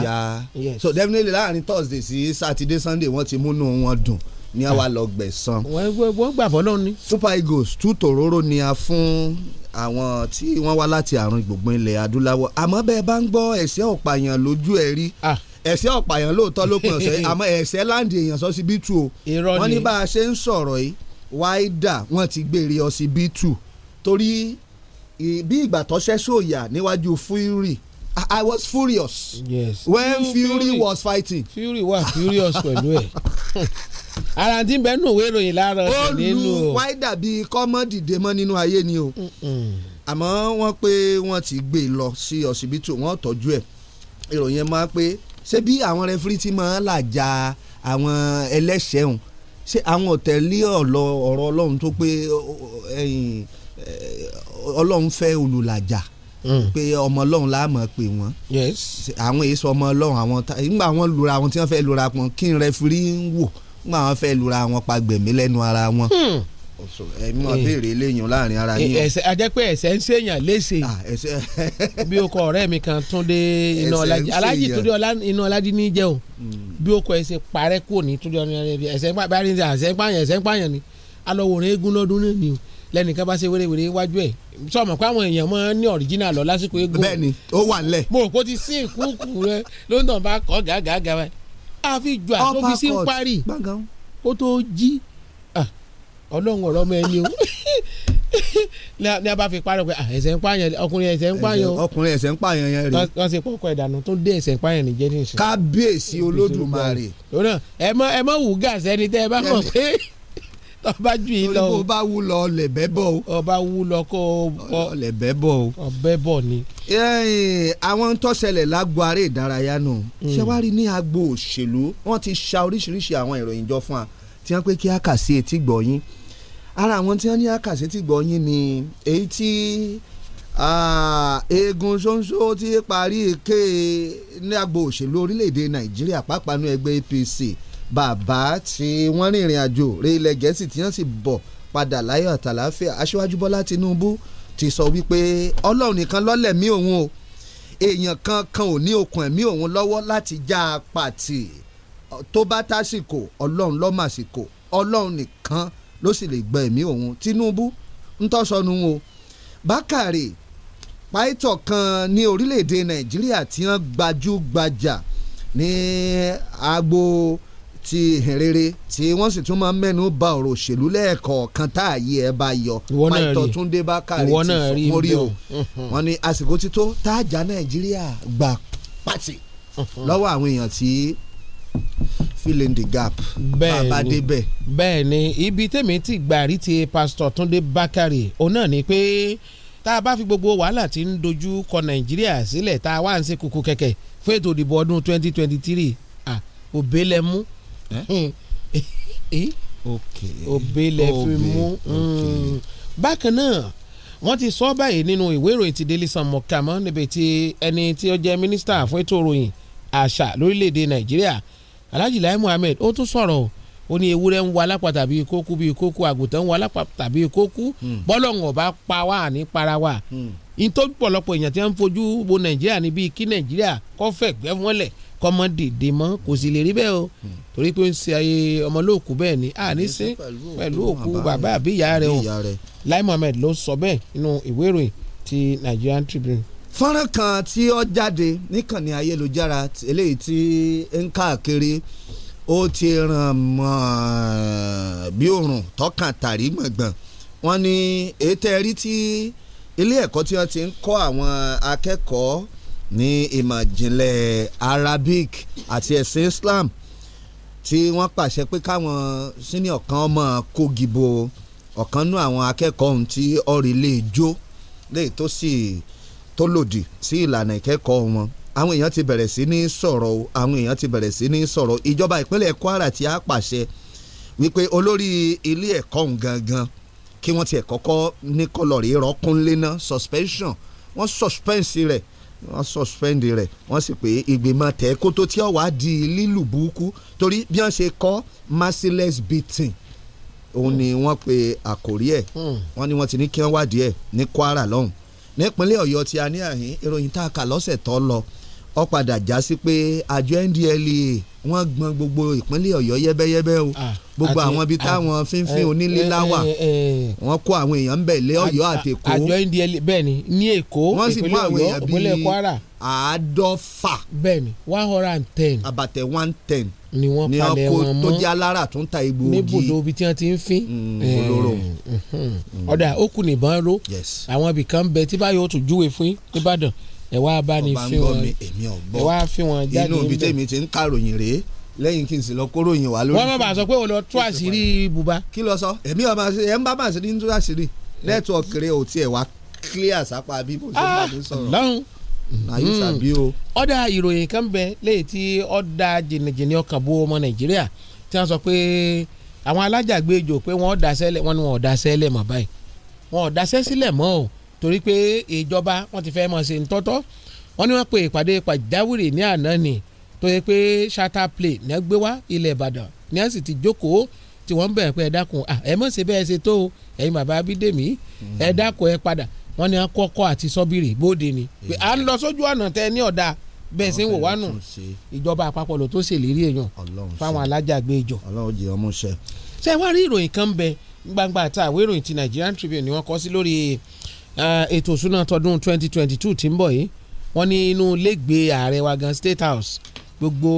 Speaker 8: so definitely láàrin thursday sí saturday sunday wọ́n ti múnú wọn dùn ni a wá lọ gbẹ̀san. wọ́n gbà fọlọ́run ni. super eagles tú tòróró ni a fún àwọn tí wọ́n wá láti àrùn gbùngbùn ilẹ̀ adúláwọ̀ àmọ́ bẹ́ẹ̀ bá ń gbọ́ ẹ̀ṣẹ̀ ọ̀pààyàn lójú ẹ̀ rí ẹ̀ṣẹ̀ ọ̀pààyàn lóòótọ́ lópin ọ̀sẹ̀ àmọ́ ẹ̀ṣẹ̀ láǹdì èèyàn sọsibítù o wọ́n ní bá a ṣe ń sọ̀rọ̀ yìí wáídà wọ́n ti gbére ọsibítù torí bí ìgbà tó ṣẹ́ sóòyà níwájú fury I, I was furious
Speaker 9: yes. when fury, fury was
Speaker 8: fighting. fury wà furious pẹ̀lú ẹ̀. ara ti bẹ́ẹ̀ nù òwe ìròyìn láàárọ̀ sí nínú o. olú wáyé dàbí kọ́mọ́dìde mọ́ nínú ayé ni o àmọ́ wọ́n pé wọ́n ti gbé e lọ sí ọsibítù wọ́n tọ́jú ẹ̀ ìròyìn ẹ̀ máa pé ṣé bí àwọn rẹfúrí ti máa ń làjà àwọn ẹlẹ́ṣẹ̀ ṣé àwọn ọ̀tẹ̀lé ọ̀rọ̀ ọlọ́run tó pé ọlọ́run fẹ́ olùlàjà mm. pé ọmọ ọlọ́run la máa pè wọ́n àwọn èso ọmọ ọlọ́run àwọn nígbà wọn lura àwọn tí wọ́n fẹ́ lura pọ̀ kí n rẹfúrí ń wò mọ àwọn fẹ́ lura wọn pa gbẹ̀mí lẹ́nu ara wọn.
Speaker 9: Hmm. ẹ mọ eh. béèrè
Speaker 8: eléyìn láàrin ara eh, yín. ẹsẹ
Speaker 9: ajẹpẹ ẹsẹ ń ṣèyàn léṣe ah, bí o kọ ọ̀rẹ́ mi kan Túndé iná ọlájí alájí Túndé iná ọlájí ní jẹ o hmm. bí o kọ ẹsẹ parẹ kúrò ní Túndé ẹsẹ ń pààyàn ẹsẹ ń pààyàn ẹsẹ ń pààyàn ni alọwòrán eégún lọ́dún náà ni o lẹ́nìkan bá ṣe wérewère wájú ẹ̀ sọmọ pé àwọn èèyàn máa ń ní ọ̀ríjínà lọ lásìkò eégún. bẹ́ẹ̀ni ó wà nílẹ̀. mo kò ti sí ìkúùkù rẹ ló ń tàn bá kọ́ gàgàgà báyìí a àfi jù àtòfisí ń parí kó tó jí ah, ọlọ́run ọ̀rọ̀ mọ ẹni o ní a bá fi parọ́ pé ah, ẹsẹ̀ ń pààyàn ọkùnrin ẹsẹ̀ ń pààyàn ọkùnrin ẹsẹ̀ ń pààyàn yẹn rí wọ́n ti kọ́kọ́ ìdáná tó dé ẹsẹ̀ ń pààyàn ní jẹ́dínsì. kábíyèsí olódùmarè. ẹ mọ ẹ mọ wù gàṣẹ ni tẹ ẹ bá mọ pé tọ́ba ju yìí lọ o bó bá wú lọ ọlẹ̀ bẹ́ bọ̀ o. ọba wú lọ kó o. ọlẹ̀ bẹ́ bọ̀ o. ọbẹ̀ bọ̀ ni. àwọn ń tọ́sẹ̀lẹ̀ lágbo
Speaker 8: aré ìdárayá nù. ṣé hmm. wàá rí ní agbo òṣèlú wọ́n ti ṣa oríṣiríṣi àwọn ìròyìn jọ fún wa tí wọ́n pé kí a kà sí etí gbọ̀yìn. ara àwọn tí wọ́n ní a kà sí etí gbọ̀yìn ni èyí tí eegun ṣoṣo ti parí èké ní agbo òṣèlú orílẹ̀-èdè Nàìjíríà pápánu ẹgbẹ́ APC bàbá tí wọ́n rin ìrìn àjò rẹ ilẹ̀ gẹ̀ẹ́sì tí wọ́n sì bọ̀ padà láyọ̀ àtàláfíà aṣíwájú bọ́lá tinúbú ti sọ wípé ọlọ́run nìkan lọ́lẹ̀ mí òun o èèyàn kan kan ò ní okùn ẹ̀mí òun lọ́wọ́ láti já a pàtì tó bá tásìkò ọlọ́run lọ́màsìkò ọlọ́run nìkan ló sì lè gbọ́ ẹ̀mí òun Tinubu ń tọ́sọ̀nù o Bákàrè pàìtọ̀ kan ní orílẹ̀-èdè Nàìjíríà tí wọ́n gbajú-gbajà ní agbo. Ni ti ìhìn rere tí wọ́n sì tún máa ń mẹ́nu bà ọ̀rọ̀ òṣèlú lẹ́ẹ̀kọ̀ọ̀kan tá àyè ẹ̀ bá yọ pàtó Túndé Bákàrè ti sọ mórí o wọ́n ní àsìkò ti tó tá Nàìjíríà gbà pàtì lọ́wọ́ àwọn èèyàn tí fill the gap bàbá débẹ̀.
Speaker 9: bẹ́ẹ̀ ni ibi tèmi ti gbà rí ti pásítọ̀ Túndé Bákàrè òun náà ni pé tá a bá fi gbogbo wàhálà tí ń dojú kọ Nàìjíríà sílẹ̀ tá a wá ń ṣe kùkù kẹ̀kẹ́ fún ètò ìdìbò ọdún twenty twenty three òbí lẹ mú Eh? Eh? òbí lẹ fi mú mm. bákan náà wọ́n ti sọ báyìí nínú ìwé ìròyìn ti Daily Sun mọ̀kàmọ́ níbi tí ẹni tí ó jẹ́ mínísítà fún ètò ìròyìn àṣà lórílẹ̀‐èdè Nàìjíríà Alhaji Lai Muhammed ó tún sọ̀rọ̀ o ó ní ewúrẹ́ ń wa lápá tàbí kókú bíi kókú àgùntàn ń wa lápá tàbí kókú hmm. bọ́lọ̀ǹgọ̀ bá pa wá ní para wa nítorí hmm. pọ̀lọpọ̀ èèyàn tí wọ́n ń fojú bo Nàìjíríà ní bíi kí Nàìjíríà kọ́ fẹ̀gbẹ́ mọ́lẹ̀ kọ́mọ dìde mọ́ kò sì lè rí bẹ́ẹ̀ o hmm. torí pé ń ṣe ayé ọmọlóòkú bẹ́ẹ̀ ni a ní sí pẹ̀lú òkú bàbá àbí ìyá rẹ̀ o Lai Mohammed ló sọ bẹ́ẹ̀ nínú ìwé ìròyìn ti Nigerian Tribune. fọ́nrán kan tí ó jáde níkànnì
Speaker 8: ayélujára eléyìí tí ń káàkiri ó ti ràn mọ́ bí òrùn tọkàn tàrí gbọ̀ngbọ̀n wọ́n ní ètò ẹ̀rí tí ilé ẹ̀kọ́ tí wọ́n ti ń kọ́ àwọn akẹ́kọ̀ọ́ ní ìmọ̀ Arabic àti ẹ̀sìn Islam tí wọ́n pàṣẹ pé káwọn senior kan mọ̀ kógibo ọ̀kan nú àwọn akẹ́kọ̀ọ́ ohun tí ọ̀rì lè jó lè tó sì tó lòdì sí ìlànà ìkẹ́kọ̀ọ́ wọn àwọn èèyàn ti bẹ̀rẹ̀ sí ní sọ̀rọ̀ àwọn èèyàn ti bẹ̀rẹ̀ sí ní sọ̀rọ̀ ìjọba ìpínlẹ̀ Kwara ti á pàṣẹ wípé olórí ilé ẹ̀kọ́ ọ̀hún gangan kí wọ́n tiẹ̀ kọ́kọ́ ní kọlọ̀rì rọ́kúnlé suspension wọ́n suspense rẹ̀ wọ́n suspend rẹ̀ wọ́n sì pé ìgbìmọ̀ tẹ̀ kótó tí ọ̀wá di lílù burúkú torí bí wọ́n ṣe kọ́ merciless beating òun ni wọ́n pe àkòrí ẹ̀ hmm. wọ́n ní wọ́n ti ní kí wọ́n wádìí ẹ̀ ní Kwara lọ́hùn nípínlẹ̀ Ọ̀yọ́ tí a ní àhín ìròyìn tá a kà lọ́sẹ̀ tó lọ ó padà já sí pé àjọ NDLEA wọ́n gbọ́n gbogbo ìpínlẹ̀ ọ̀yọ́ yẹ́bẹ́yẹ́bẹ́ o ah, gbogbo àwọn ibi táwọn eh, fínfín eh, onílé eh, láwà wọ́n kó àwọn èèyàn ń bẹ̀ lé ọ̀yọ́ àti èkó. àjọ india bẹ́ẹ̀ ni ní èkó ìpínlẹ̀ ọ̀yọ́ ìpínlẹ̀ kwara. àádọ́fà.
Speaker 9: bẹ́ẹ̀ ni one hundred and ten. àbàtẹ̀ one ten. ni wọ́n palẹ̀ wọn mọ́ ni ọkọ̀ tó jẹ́ alára tó ń ta egbòogi. níbùdó ibi tí wọ́n ti ń fín. olóró.
Speaker 6: Mm, mhm. ọ̀dà
Speaker 9: ó kù nìbọn ró. yes. àwọn ibì kan bẹ tí báyọ̀ ó tún júwe fún Ìbàdàn ẹ wá bá ní fi wọn ẹ wá fi wọn jáde nínú ibi tèmi
Speaker 8: ti ń kàròyìn rèé lẹ́yìn kí n sì lọ kóròyìn wá lórí. wọ́n má bàa sọ pé o lọ tú àṣírí bùbá. kí lọ sọ èmi ọmọ ẹ ń bá màá sí ní tú àṣírí nẹ́tíwọ̀kì rẹ ò
Speaker 9: tiẹ̀ wá clear sápá bí mo ṣe bá mi ah, sọ̀rọ̀. lọ́hùn ayé hmm. sàbí o. ọ̀dà ìròyìn kan bẹ léyìí tí ọ̀dà jìnnìjìnnì ọkàn bo ọmọ nàìjíríà tí wọ́n sọ pé àwọn alájàgbé pé wọ́n ọ̀dà sẹ́lẹ̀ wọ́n ni wọ́n ọ̀dà sẹ́lẹ̀ mọ́ báyìí wọ́n ọ̀dà sẹ́sílẹ̀ mọ́ o torí pé ìjọba wọn ti fẹ́ mọ̀ ṣe ń tọ́tọ́ wọn ni wọ́n pe ìpàdé pàjáwìrì ní àná ni tó yẹ pé charter plane ní gbé wá ilẹ̀ ìbàdàn ní a sì ti jókòó tí wọ́n bẹ̀rẹ̀ pé ẹ dákun ẹ mọ̀ ṣe bẹ́ẹ̀ ṣe tó ẹ̀yin bàbá Bídèmí ẹ mm. dákun ẹ padà wọ́n ní akọ́kọ́ àti sọ́bìrì bóde ni pé à ń lọ sójú ọ̀nà tẹ ní ọ̀dà bẹ́ẹ̀ sí wò wá nù ìjọba àpapọ̀ ló tó ṣèlérí èèyàn fáwọn alájàgbé ìjọ. ọlọ́run jẹ́ ọmú ni wọ́n kọ Eh, ètò òṣùnà tọdún 2022 tí ń bọ̀ yìí wọ́n ní inú lẹ́gbẹ̀ẹ́ ààrẹ wa gan state house gbogbo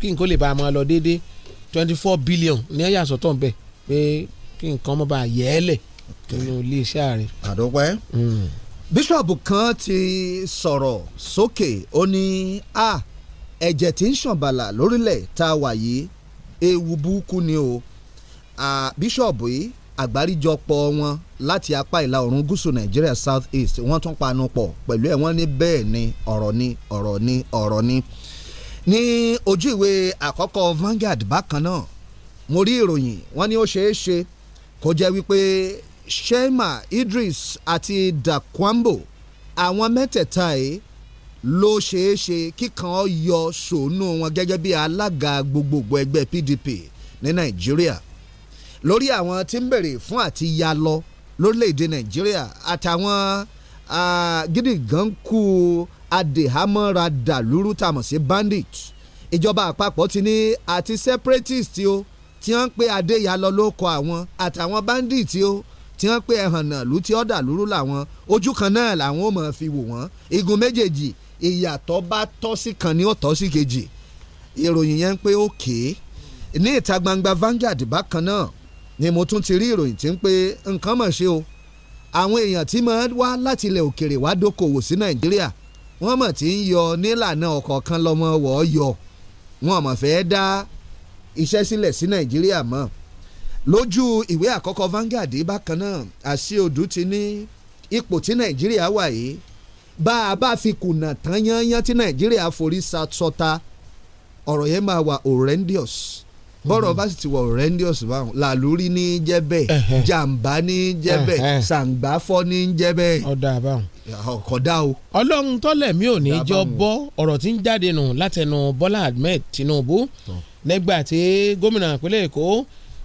Speaker 9: kí n kó lè bá a lọ déédéé 24 billion ní ẹ̀yà sọ́tọ̀ ń bẹ̀ pé kí nǹkan mọ́ bá a yẹ̀ ẹ́ lẹ̀ nínú ilé iṣẹ́ ààrẹ. àdópẹ́ hmm. bíṣọ̀bù kan ti sọ̀rọ̀ sókè ó ní
Speaker 8: a ẹ̀jẹ̀ tí ń ṣànbàlà lórílẹ̀ tá a wà yìí ewu burúkú ni o bíṣọ̀bù yìí àgbáríjọpọ̀ wọn láti apá ìlà oòrùn gúúsù nàìjíríà south east wọ́n tún panu pọ̀ pẹ̀lú ẹ̀ wọ́n ní bẹ́ẹ̀ ni ọ̀rọ̀ ni ọ̀rọ̀ ni ọ̀rọ̀ ni. ní ojú ìwé àkọ́kọ́ Vanguard bákan náà mo rí ìròyìn wọ́n ní ó ṣeé ṣe kó jẹ́ wípé Shema Idris àti Dakwambo àwọn mẹ́tẹ̀ẹ̀ta yìí ló ṣeé ṣe kíkan ọ yọ sòónú wọn gẹ́gẹ́ bí alága gbogbogbò ẹgbẹ́ PDP ní nàìjíríà lórí àwọn tí ń bèrè fún àti ya lọ lórílẹ̀‐èdè nàìjíríà àtàwọn gidi gan kú adèhámọ́ra dàlúrú tàmọ̀ sí bandit ìjọba àpapọ̀ ti ní àti separatist o tí wọ́n ń pe adéyalọ ló kọ àwọn àtàwọn bandit o tí wọ́n pe ẹ̀hànnà lù tí ọ̀dà lúrú làwọn ojú kan náà làwọn ò mọ̀ fi wò wọ́n igun méjèèjì ìyàtọ̀ bá tọ́ sí kan ní ọ̀tọ̀ sí kejì ìròyìn yẹn ń pé òkè ní ìta gbangba Vanguard bákan náà ni mo tún ti rí ìròyìn tí ń pé nǹkan mọ̀ ṣe o àwọn èèyàn tí máa wá láti ilẹ̀ òkèrè wá dókòwò sí nàìjíríà wọ́n mọ̀ tí ń yọ nílànà ọ̀kọ̀ọ̀kan lọ́mọ wọ̀ ọ́ yọ wọn mọ̀ fẹ́ dá iṣẹ́ sílẹ̀ sí nàìjíríà mọ́ lójú ìwé àkọ́kọ́ Vanguard bákan náà àṣìodù ti ní ipò tí nàìjíríà wà yìí bá a bá fi kùnà tán yányán tí nàìjíríà forí sọta ọ̀rọ̀ yẹn máa wà horrendous bọ́rọ̀ bá sì ti wọ horrendous báwọn làlórí ní jẹ́ bẹ́ẹ̀ jàǹbá ní jẹ́ bẹ́ẹ̀ sàǹgbáfọ́ ní
Speaker 9: jẹ́ bẹ́ẹ̀. ọ̀dà àbáwọn. ọ̀kọ̀dá o. ọlọ́run tọ́lẹ̀ mi ò ní jọ bọ́ ọ̀rọ̀ tí ń jáde nù látẹnu Bọ́lá Ahmed Tinubu nígbà tí gómìnà ìpínlẹ̀ Èkó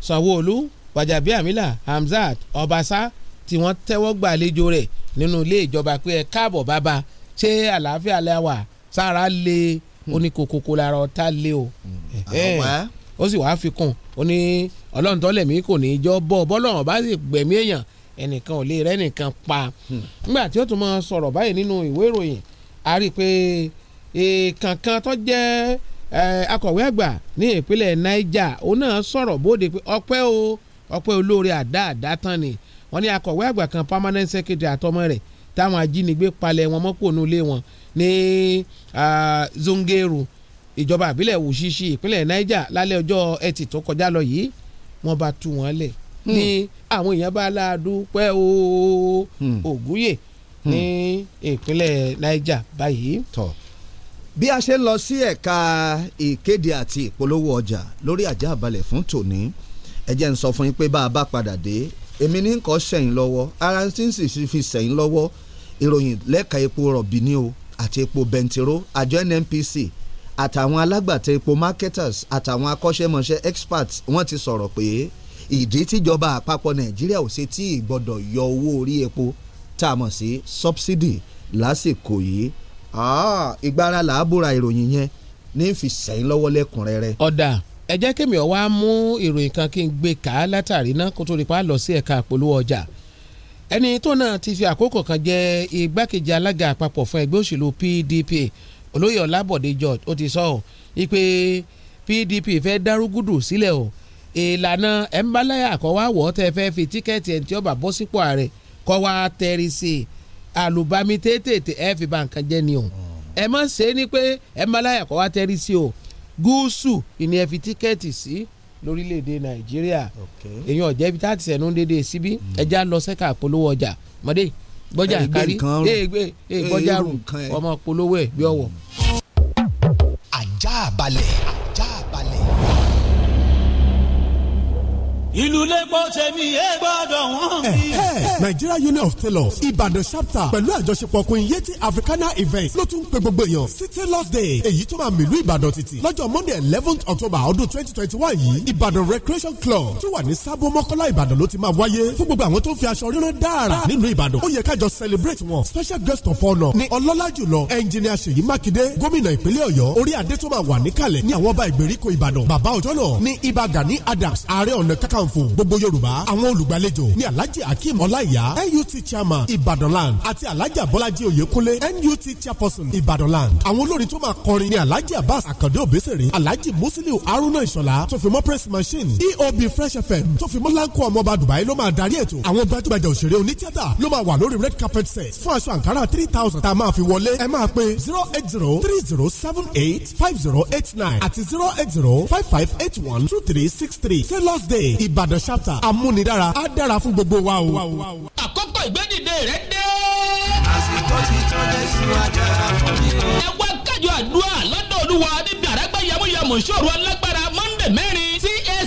Speaker 9: Sanwó-Olú Gbajabiamila Hamzat Obasa tí wọ́n tẹ́wọ́ gbàlejò rẹ̀ nínú ilé ìjọba pé ẹ káàbọ̀ bàbá ṣé àlàáfíà lẹ́wà sára lé oníkókókó hmm. lára ọ̀tá lé o. àwọn hmm ó sì wáá fi kún ó ní ọlọ́run tó lẹ̀mí kò ní í jọ bọ́ bọ́lọ́run bá sì gbẹ̀mí èèyàn ẹnìkan ò lè rẹ́ nìkan pa hmm. nígbà tí ó tún máa sọ̀rọ̀ báyìí nínú ìwé ìròyìn a rí i pé kankan tó jẹ́ akọ̀wé àgbà ní ìpínlẹ̀ Niger òun náà sọ̀rọ̀ bóde pé ọpẹ́ o ọpẹ́ olóore àdá àdá tán ni wọ́n ní akọ̀wé àgbà kan permanent secretary àtọmọ rẹ̀ táwọn ajínigbé palẹ̀ wọn mọ́pò nílé wọn ní Zungeru ìjọba àbílẹ̀ Wùṣíṣì ìpínlẹ̀ Niger lálẹ́ ọjọ́ ẹtì tó kọjá lọ yìí wọ́n bá tú wọn lẹ̀ hmm. ní àwọn èèyàn bá ládùúpẹ́ o hmm. Ògúnyè hmm. ní ìpínlẹ̀ Niger báyìí. bí a ṣe
Speaker 8: ń lọ sí ẹ̀ka ìkéde àti ìpolówó ọjà lórí àjà àbálẹ̀ fún tòní ẹ jẹ́ n sọ fún yín pé bá a bá padà dé èmi ní nǹkan sẹ́yìn lọ́wọ́ ara ń sì fi sẹ́yìn lọ́wọ́ ìròyìn lẹ́ka epo rọ̀bì ni o àti epo bẹntiró àjọ NNPC àtàwọn alágbàtà epo marketers àtàwọn akọ́ṣẹ́mọṣẹ́ experts wọ́n ti sọ̀rọ̀ pé ìdí tíjọba àpapọ̀ nàìjíríà ò ṣe tí ì gbọ́dọ̀ yọ owó orí epo tá a mọ̀ sí subsidy lásìkò yìí ah, ìgbára làábùra ìròyìn
Speaker 9: yẹn ní fi sẹ́yìn lọ́wọ́ lẹ́kùnrẹ́rẹ́. ọ̀dà ẹ jẹ́ kémi ọ̀wá mú ìròyìn kan kí n gbé ká látàrí náà kó tó rí pa lọ sí ẹ̀ka àpolówó ọjà ẹni tó náà ti fi àkókò kan jẹ́ igbákejì alága àpapọ̀ fún ẹgbẹ́ òṣèlú PDP olóyè ọlábọ̀dé george ó ti sọ ọ́ wípé pdp fẹ́ dárúgúdù sílẹ̀ o ìlànà ẹ̀ńbáláyà àkọ́wáwọ̀ tẹ́ fẹ́ fi tíkẹ́ẹ̀tì ẹ̀ tí ọba bọ́ sípò ààrẹ kọ́ wa tẹ̀rí sí i àlùbami tètè ẹ̀ fi ba nǹkan jẹ́ ni o ẹ má ṣe é ní pé ẹ̀ńbáláyà kọ́ wa tẹ̀rí sí o gúúsù ìní ẹ̀ fi tíkẹ́ẹ̀tì sí lórílẹ̀‐èdè nàìjíríà èèyàn ọ̀jẹ̀bi tá a ti sẹ̀nu déédéé síbí ẹja lọ sẹ́ka àpolówó ọjà mọ́dé gbọ́jà kárí eégbe eégbọ́jà rù ọmọ polówó ẹ̀ bí ọ̀wọ̀.
Speaker 4: ajá balẹ̀. ìlú lẹ́gbọ́ tẹ̀mí ẹ gbọ́dọ̀ wọ́n mi. Eh, eh, eh. Nigeria Union of Tailors
Speaker 11: Ìbàdàn chapter pẹ̀lú àjọṣepọ̀ Queen Yeti Africana event ló tún pe gbogbo èèyàn sí Tailors Day èyí tó máa mìlú Ìbàdàn títì lọ́jọ́ Monday eleventh October ọdún twenty twenty one yìí Ìbàdàn Recreation Club tó wà ní Sábó Mọ́kọ́lá Ìbàdàn ló ti máa wáyé fún gbogbo àwọn tó ń fi aṣọ rírán dára nílùú Ìbàdàn ó yẹ kájọ celebrate wọn special guest of honour ni ọlọ́lá jùlọ engineer Ṣèyí Mákindé gómìnà ìpínlẹ̀ Ọ̀yọ́ orí adé tó máa wà níkàlẹ̀ ní àwọn ọba ìgbèríko Ìbàdàn bàbá ọjọ́ náà ni Ìbà Gani Adams ààrẹ ọ̀nà kakan láǹfò gbogbo yorùbá àwọn olùgbàlejò ní alhaji akeem ọláìyá nut chairman ibadanland àti alhaji abọ́lájí oyèkúnlé nut chairperson ibadanland àwọn olórin tó máa kọrin ní alhaji abbas akande obesere alhaji musiliu haruna ìṣọ̀lá tó fi mọ́ press machine eob fresh fm tó fi mọ́ láńkó ọmọọba dubai ló máa darí ètò àwọn gbajúgbajà òṣèré onítìátà ló máa wà lórí red carpet set fún aṣọ àǹkárá three thousand tá a máa fi wọlé ẹ máa pe zero eight zero three zero seven eight five zero eight nine àti zero eight zero five five eight one two three six three say last day ìbàdàn ṣáptà amúnidára á dára fún gbogbo wa o.
Speaker 4: àkókò ìgbẹ́dìde rẹ dé. àsìkò ti tọ́ jésù ajára fún mi ẹ wá kájọ àdúrà lọ́dọ̀ olúwa níbi àràgbá yamuyamu ṣòro alágbára monday mẹ́rin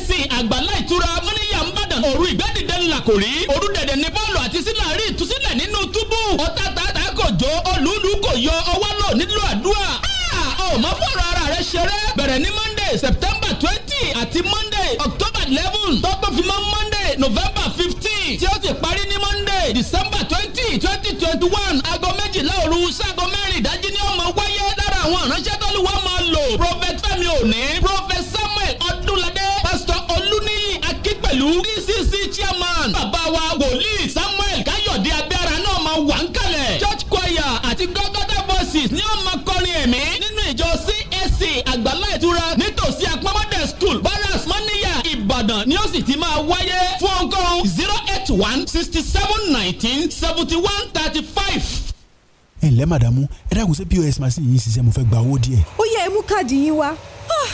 Speaker 4: cac àgbàlá ìtura mọ́níyà ń bàdàn òru ìgbẹ́dìde ńlá kò rí òru dẹ̀dẹ̀ ní bọ́ọ̀lù àti sílẹ̀ rí ìtúsílẹ̀ nínú túbú ọ̀tá tààtà kò jó olúlu kò yọ ọwọ́ lò nílò àdúrà ọmọ fọ̀rọ̀ ara rẹ̀ ṣeré bẹ̀rẹ̀ monday september twenty àti monday october eleven november fifteen tí ó ti parí ní monday december twenty twenty twenty one aago méjìlá òru sáago mẹ́rin ìdájí ni ó máa wáyé lára àwọn ìránṣẹ́ tọ́lúwa máa lò prophet fẹ́mi òní prophet samuel ọdúnladé pastor olúníyì akínpẹ̀lú dcc e chairman bàbá wa wòlíì samuel káyọ̀dé abẹ́ra náà máa wà ń kalẹ̀ church choir àti gọ́gọ́dá voices ni ó máa kọrin ẹ̀mí nínú ìjọ csc àgbàlá ìtura nítorí ìbàdàn ni ó sì ti máa wáyé fún ọgọ́rùn zero eight one sixty seven nineteen seventy one
Speaker 7: thirty five.
Speaker 11: ẹ ǹlẹ́ màdàmú ẹ dákun sí pos machine yìí ṣiṣẹ́ mo fẹ́ gba owó díẹ̀.
Speaker 7: ó yẹ ẹ mú káàdì yín wá ah,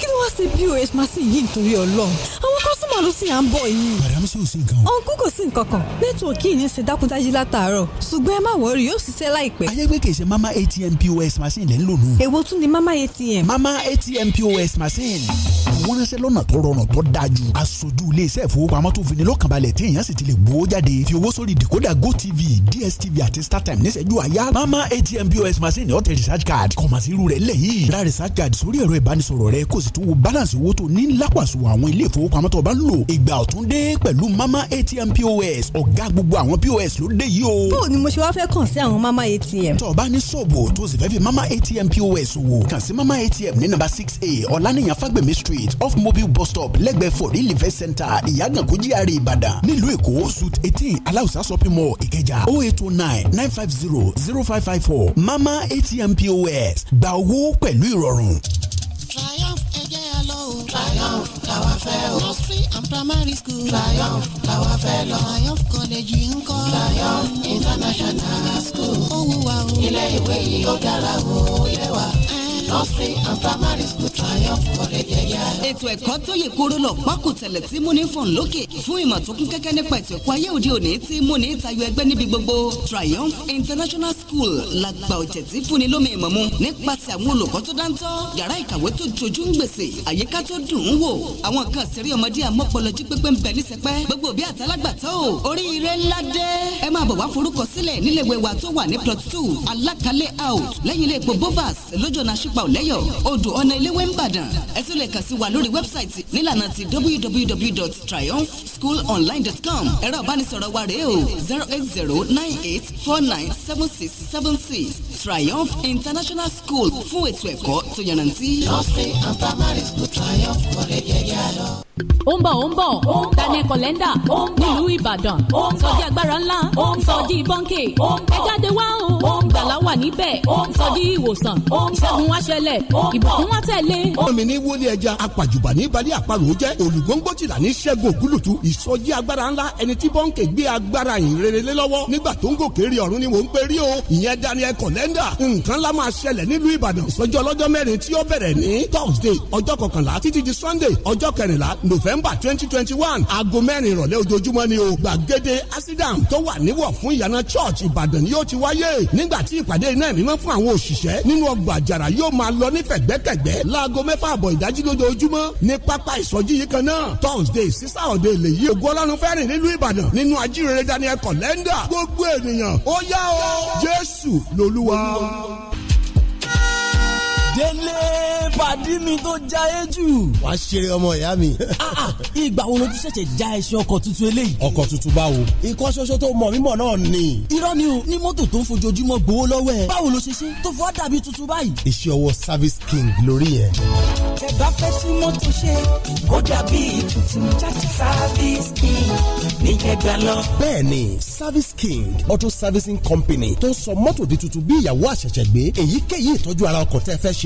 Speaker 7: kí ló wá sí pos machine yìí nítorí ọlọ́run àwọn kọ́sùmọ̀ ló sì à ń bọ̀ yìí. màdàmú sì ò sí nǹkan o. ọ̀nkú kò sí nǹkan kan nẹ́tíwọ̀kì yìí ń ṣe dákúndájí látàárọ̀ ṣùgbọ́n ẹ má wọrí yóò ṣiṣẹ́ láìpẹ́. ayégbé kì mama atm pos machine lẹ́ ń lò nù. èwo tún ni
Speaker 11: mama atm. mama atm pos machine wọ́n ránṣẹ́ lọ́nà tó rọrùn tó dájú. aṣojú iléeṣẹ́ ìfowópamọ́ tó fini lọ́kànbalẹ̀ téèyàn sì ti lè gbowó jáde fi owó sórí decoder gotv dstv àti startime níṣẹ́jú àyà mama atm pos machine ọ̀tẹ̀ recharge card kọ̀mọ̀síru rẹ̀ lẹ́yìn ra recharge card sórí ẹ̀rọ ìbánisọ̀rọ̀ rẹ kó sì tún wo balance owó tó ní lápàṣù àwọn ilé ìfowópamọ́ tó bá ń lò ìgbà ọ̀tún dé pẹ̀lú mama atm pos ọ̀gá gbogbo àwọn pos ló dé yìí o. bó
Speaker 7: o ni mo ṣe wá fẹ́ kàn sí àwọn mama atm. tó
Speaker 11: o bá ní ṣọ́ọ̀bù tó sì fẹ́ fi mama atm pos wò kàn sí mama atm ní nàmbà six a ọ̀lànìyàn fagbemi street off mobile bus stop lẹ́gbẹ̀ẹ́ for real event center ìyàgànkó GRA ìbàdàn nílùú èkó suit eighteen aláùsá shopping mall ìkẹjà o oh eight o oh nine nine five zero zero five five four mama atm pos gba owó pẹ̀lú
Speaker 10: ìrọ̀rùn.
Speaker 4: triumph ẹgẹ́ lọ o. triumph làwa fẹ́ o. nursery and primary school. triumph làwa fẹ́ lọ. triumph college ń kọ́. triumph
Speaker 7: international school. ó wù o. ilé ìwé yìí ó dára o ilé wa nursery and primary school triumph college ètò ẹ̀kọ́ tó yè kóró lọ pákó tẹ̀lẹ̀ tí múni fún lókè fún ìmọ̀ tó kún kẹ́kẹ́ nípa ètò ẹ̀kọ́ ayé òde òní tí múni tayọ ẹgbẹ́ níbi gbogbo triumph international school la gba ọ̀jẹ̀ tí fúnni lómi ìmọ̀ nípasẹ̀ àwọn olùkọ́ tó dáńtọ́ yàrá ìkàwé tó jojú ń gbèsè àyíká tó dùn ún wò àwọn kan ṣeré ọmọdé àmọ́pọ̀lọ́jí pépé ń bẹ ní sẹpẹ́ gbogbo bí àtàlágbàtọ́ ò oríire ńlá dé ẹ máa bọ̀ wá forúkọ sílẹ̀ níléèwé wa tó wà ní plot two alákàlẹ̀ out lẹ́yìn ilé epo bovas lójó náà ṣ ọ̀pá ọ̀lẹ́yọ̀ odò ọ̀nà iléwé ńbàdàn ẹ tún lè kàn sí wa lórí wẹ́bsáìtì nílànà ti www.triumphschoolonline.com ẹ̀rọ ìbánisọ̀rọ̀ wa rèé o zero eight zero nine eight four nine seven six seven six Triumph International School fún ètò ẹ̀kọ́ tó yanrantí. nursery and primary school Triumph college ẹ̀yà lọ. ó ń bọ̀ ó ń
Speaker 6: bọ̀ daniel kọlẹ́ndà nílùú Ìbàdàn sọjí agbára ńlá sọjí bọ́ńkè ẹ jáde wá o gbàlá wà níbẹ̀ sọjí ìwòsàn ṣẹ́gun wá ṣẹlẹ̀
Speaker 4: ìbùkún wá tẹ̀lé. omi ní wọlé ẹja apàjùbà ní balẹ̀ àparò jẹ́ olùgbòǹgbò tìlà ní ṣẹ́gun ògúlùtù ìsọjí agbára ńlá ẹni tí bọ́ńkè ni mò ń pè rí o ìyẹn daniel kàlẹ́ndà nǹkan la máa ṣẹlẹ̀ nílùú ìbàdàn sọjọ́ ọlọ́jọ́ mẹ́rin tí ó bẹ̀rẹ̀ ní thursday ọjọ́ kọkànlá títí di sunday ọjọ́ kẹrìnlá november twenty twenty one aago mẹ́rin ìrọ̀lẹ́ ojoojúmọ́ ni o gbàgede asidam tó wà níwọ̀ fún ìyànà church ìbàdàn yóò ti wáyé nígbà tí ìpàdé iná mímọ́ fún àwọn òṣìṣẹ́ nínú ọgbà àjàrà yóò máa lọ ní fẹ̀gbẹ́kẹ̀gbẹ́ láago mẹ́fà àbọ̀ ìdájí lójoojúmọ́ ní pápá ìsọjí yìí kan náà thursday sísá ọ̀dẹ ilé yìí ògo ọlọ́run fẹ́rìn nílùú ìbàdàn nínú ajírere daniel kọ̀lẹ́ndà gbogbo ènìyàn ó yá o jésù lolúwa Allah. délé pàdí mi tó já e jù. wà ṣeré ọmọ ìyá mi. Ah, ah, ìgbà wo ló tún ṣẹ̀ṣẹ̀ já ẹṣin ọkọ̀ tuntun eléyìí. ọkọ̀ tuntun báwo. ikọ́ ṣoṣo tó mọ̀ mímọ̀ náà ni. irọ́ ni o ní mọ́tò tó ń fojoojúmọ́ gbowó lọ́wọ́ ẹ̀. báwo ló ṣe ṣe tó fọ́ dàbí tuntun báyìí.
Speaker 11: iṣẹ́ ọwọ́ service king lórí
Speaker 4: yẹn.
Speaker 7: ẹ bá fẹ́ sí mọ́tò ṣe kó dàbí tuntun
Speaker 11: service king auto servicing company tó ń sọ mọ́tò di tuntun bí ìyàwó àṣẹ̀ṣẹ̀ gbé èyíkéyìí ìtọ́jú ara ọkọ̀ tẹ́ fẹ́ ṣe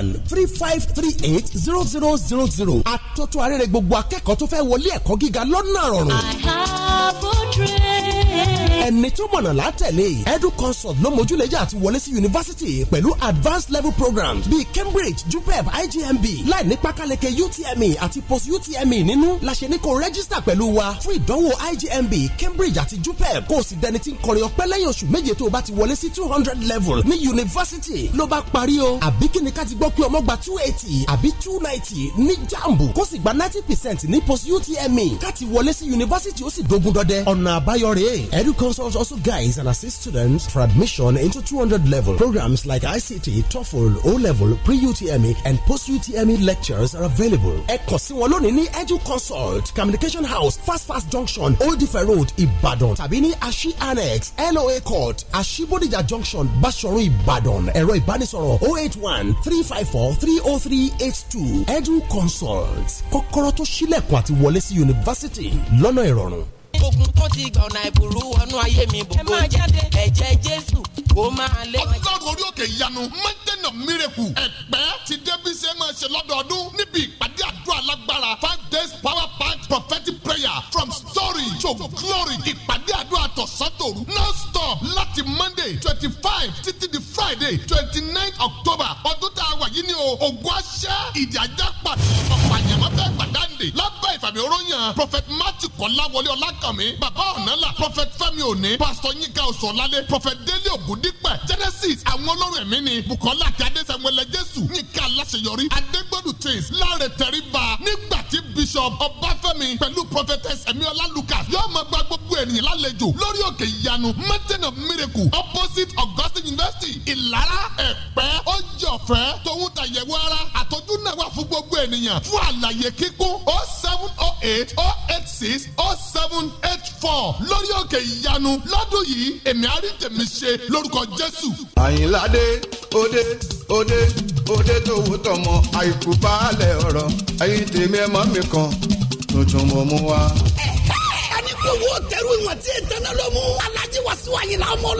Speaker 11: one three five three eight zero zero zero zero àtúntò arére gbogbo akẹ́kọ̀ọ́ tó fẹ́ wọlé ẹ̀kọ́ gíga lọ́nà rọrùn
Speaker 6: train. ẹni
Speaker 11: tó mọ̀nà látẹ̀lé edu consult ló mójúlẹ̀jà àti wọlé sí yunifásitì pẹ̀lú advanced level programs bíi cambridge jupeb igmb láì ní pákáleke utme àti post utme nínú la ṣe ní kó rẹ́gísítà pẹ̀lú wa fún ìdánwò igmb cambridge àti jupeb kó o sì dẹni tí ń kọrin ọpẹ́ lẹ́yìn oṣù méje tó o bá ti wọlé sí two hundred level ní yunifásitì ló bá parí o àbí kí ni ká ti gbọ́ pé ọmọ gba two eighty àbí two ninety ní jambu kó sì gba ninety percent ní post utme ká ti wọlé sí yunifásitì ó sì dogun ọ̀nà àbáyọ edu consult also guides and assists students for admission into 200 level programs like ICT TOEFL O level pre-UTME and post-UTME lectures are available edu consult communication house fast fast junction old ife road Ibadan. Tabini ashi annex LOA court ashibodija junction Bashorun Ibadan. ẹ̀rọ ìbánisọ̀rọ̀ 081 354 30382 edu consult Kokoroto tó ṣílẹ̀kùn àti wọlé sí yunifásitì lọ́nà
Speaker 4: ogun tó ti gbà ọ̀nà ìbùrú wọnú ayé mi bò kó jẹ́ ẹ̀jẹ̀
Speaker 14: Jésù kó máa lé. Ọlọ́run orí òkè ìyanu mountain of ẹ̀pẹ́ ti débí ṣe máa ṣe lọ́dọọdún níbi ìpàdé àdúrà lágbára five days power packed prophetic prayer from story to glory ìpàdé àdúrà tọ̀sán tòru náà stop láti monday twenty five títí di friday twenty nine october ọdún tá a wà yìí ni o ògùn aṣẹ́ ìdíjà pàtó ọ̀pọ̀ àyàmọ́ fẹ́ gbàdáǹdè lábẹ́ ìfàmì oróyàn prophet matthew kọ́láwọlé ọlákànmí bàbá ọ̀nàlà prophet fẹ́mi òní pastor yinka ọ̀sọ̀lálẹ̀ prophet délé ògùndípẹ̀ genesis àwọn olórin ẹ̀mí ni bukola àti adéṣẹ́wẹlẹ jésù yinka aláṣeyọrí adégbòdù tins láre tẹríba nígbà tí bishop ọbáfẹ́mi pẹ̀lú prophetess ẹ̀mí lucas yóò máa gba gbogbo ènìyàn lálejò lórí òkè ìyanu mẹ́t mountain of miracle opposite augustin university ìlara ẹ̀pẹ́ ó jẹ́ ọ̀fẹ́ tòun tàyẹ̀wò ara àtọ́jú náà wà fún gbogbo ènìyàn fún àlàyé kíkún o oh seven o oh eight o oh eight six o seven eight four lórí òkè ìyanu lọ́dún yìí èmi àrí tèmi ṣe lórúkọ jésù. àyìnládé òde òde òde tòun tọmọ àìkú baálẹ̀ ọ̀rọ̀ ẹ̀yìn tèmi ẹ̀ mọ́ mi kan
Speaker 11: tuntun mo mú wa.
Speaker 4: ẹ̀ka ní kò wó tẹ̀rù ìwọ̀n tí ètò náà ló mú. alájí wàsíù àyìnlá ọmọ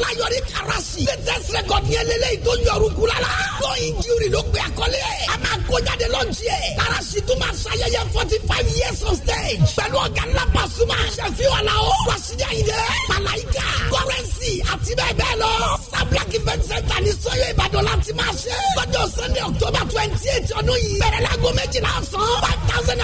Speaker 4: karasi. latest record ní eléyìí tó yọrù la. lọ́yìn jírí ló pe àkọlé a máa kó jáde lọ́jì karasi tún máa ṣayẹyẹ forty five years on stage. pẹ̀lú ọ̀gá ńlá Pasuma. sẹ́fí wàlá o. rasidi ayinde. malayika. kọrẹ́nsì àti bẹ́ẹ̀ bẹ́ẹ̀
Speaker 7: lọ. sablak event center ní sọ́yọ́ ìbàdàn láti máa ṣe. lọ́jọ́ sunday october twenty eight ọdún yìí. bẹ̀rẹ̀ láago méjìlá ọ̀sán. five thousand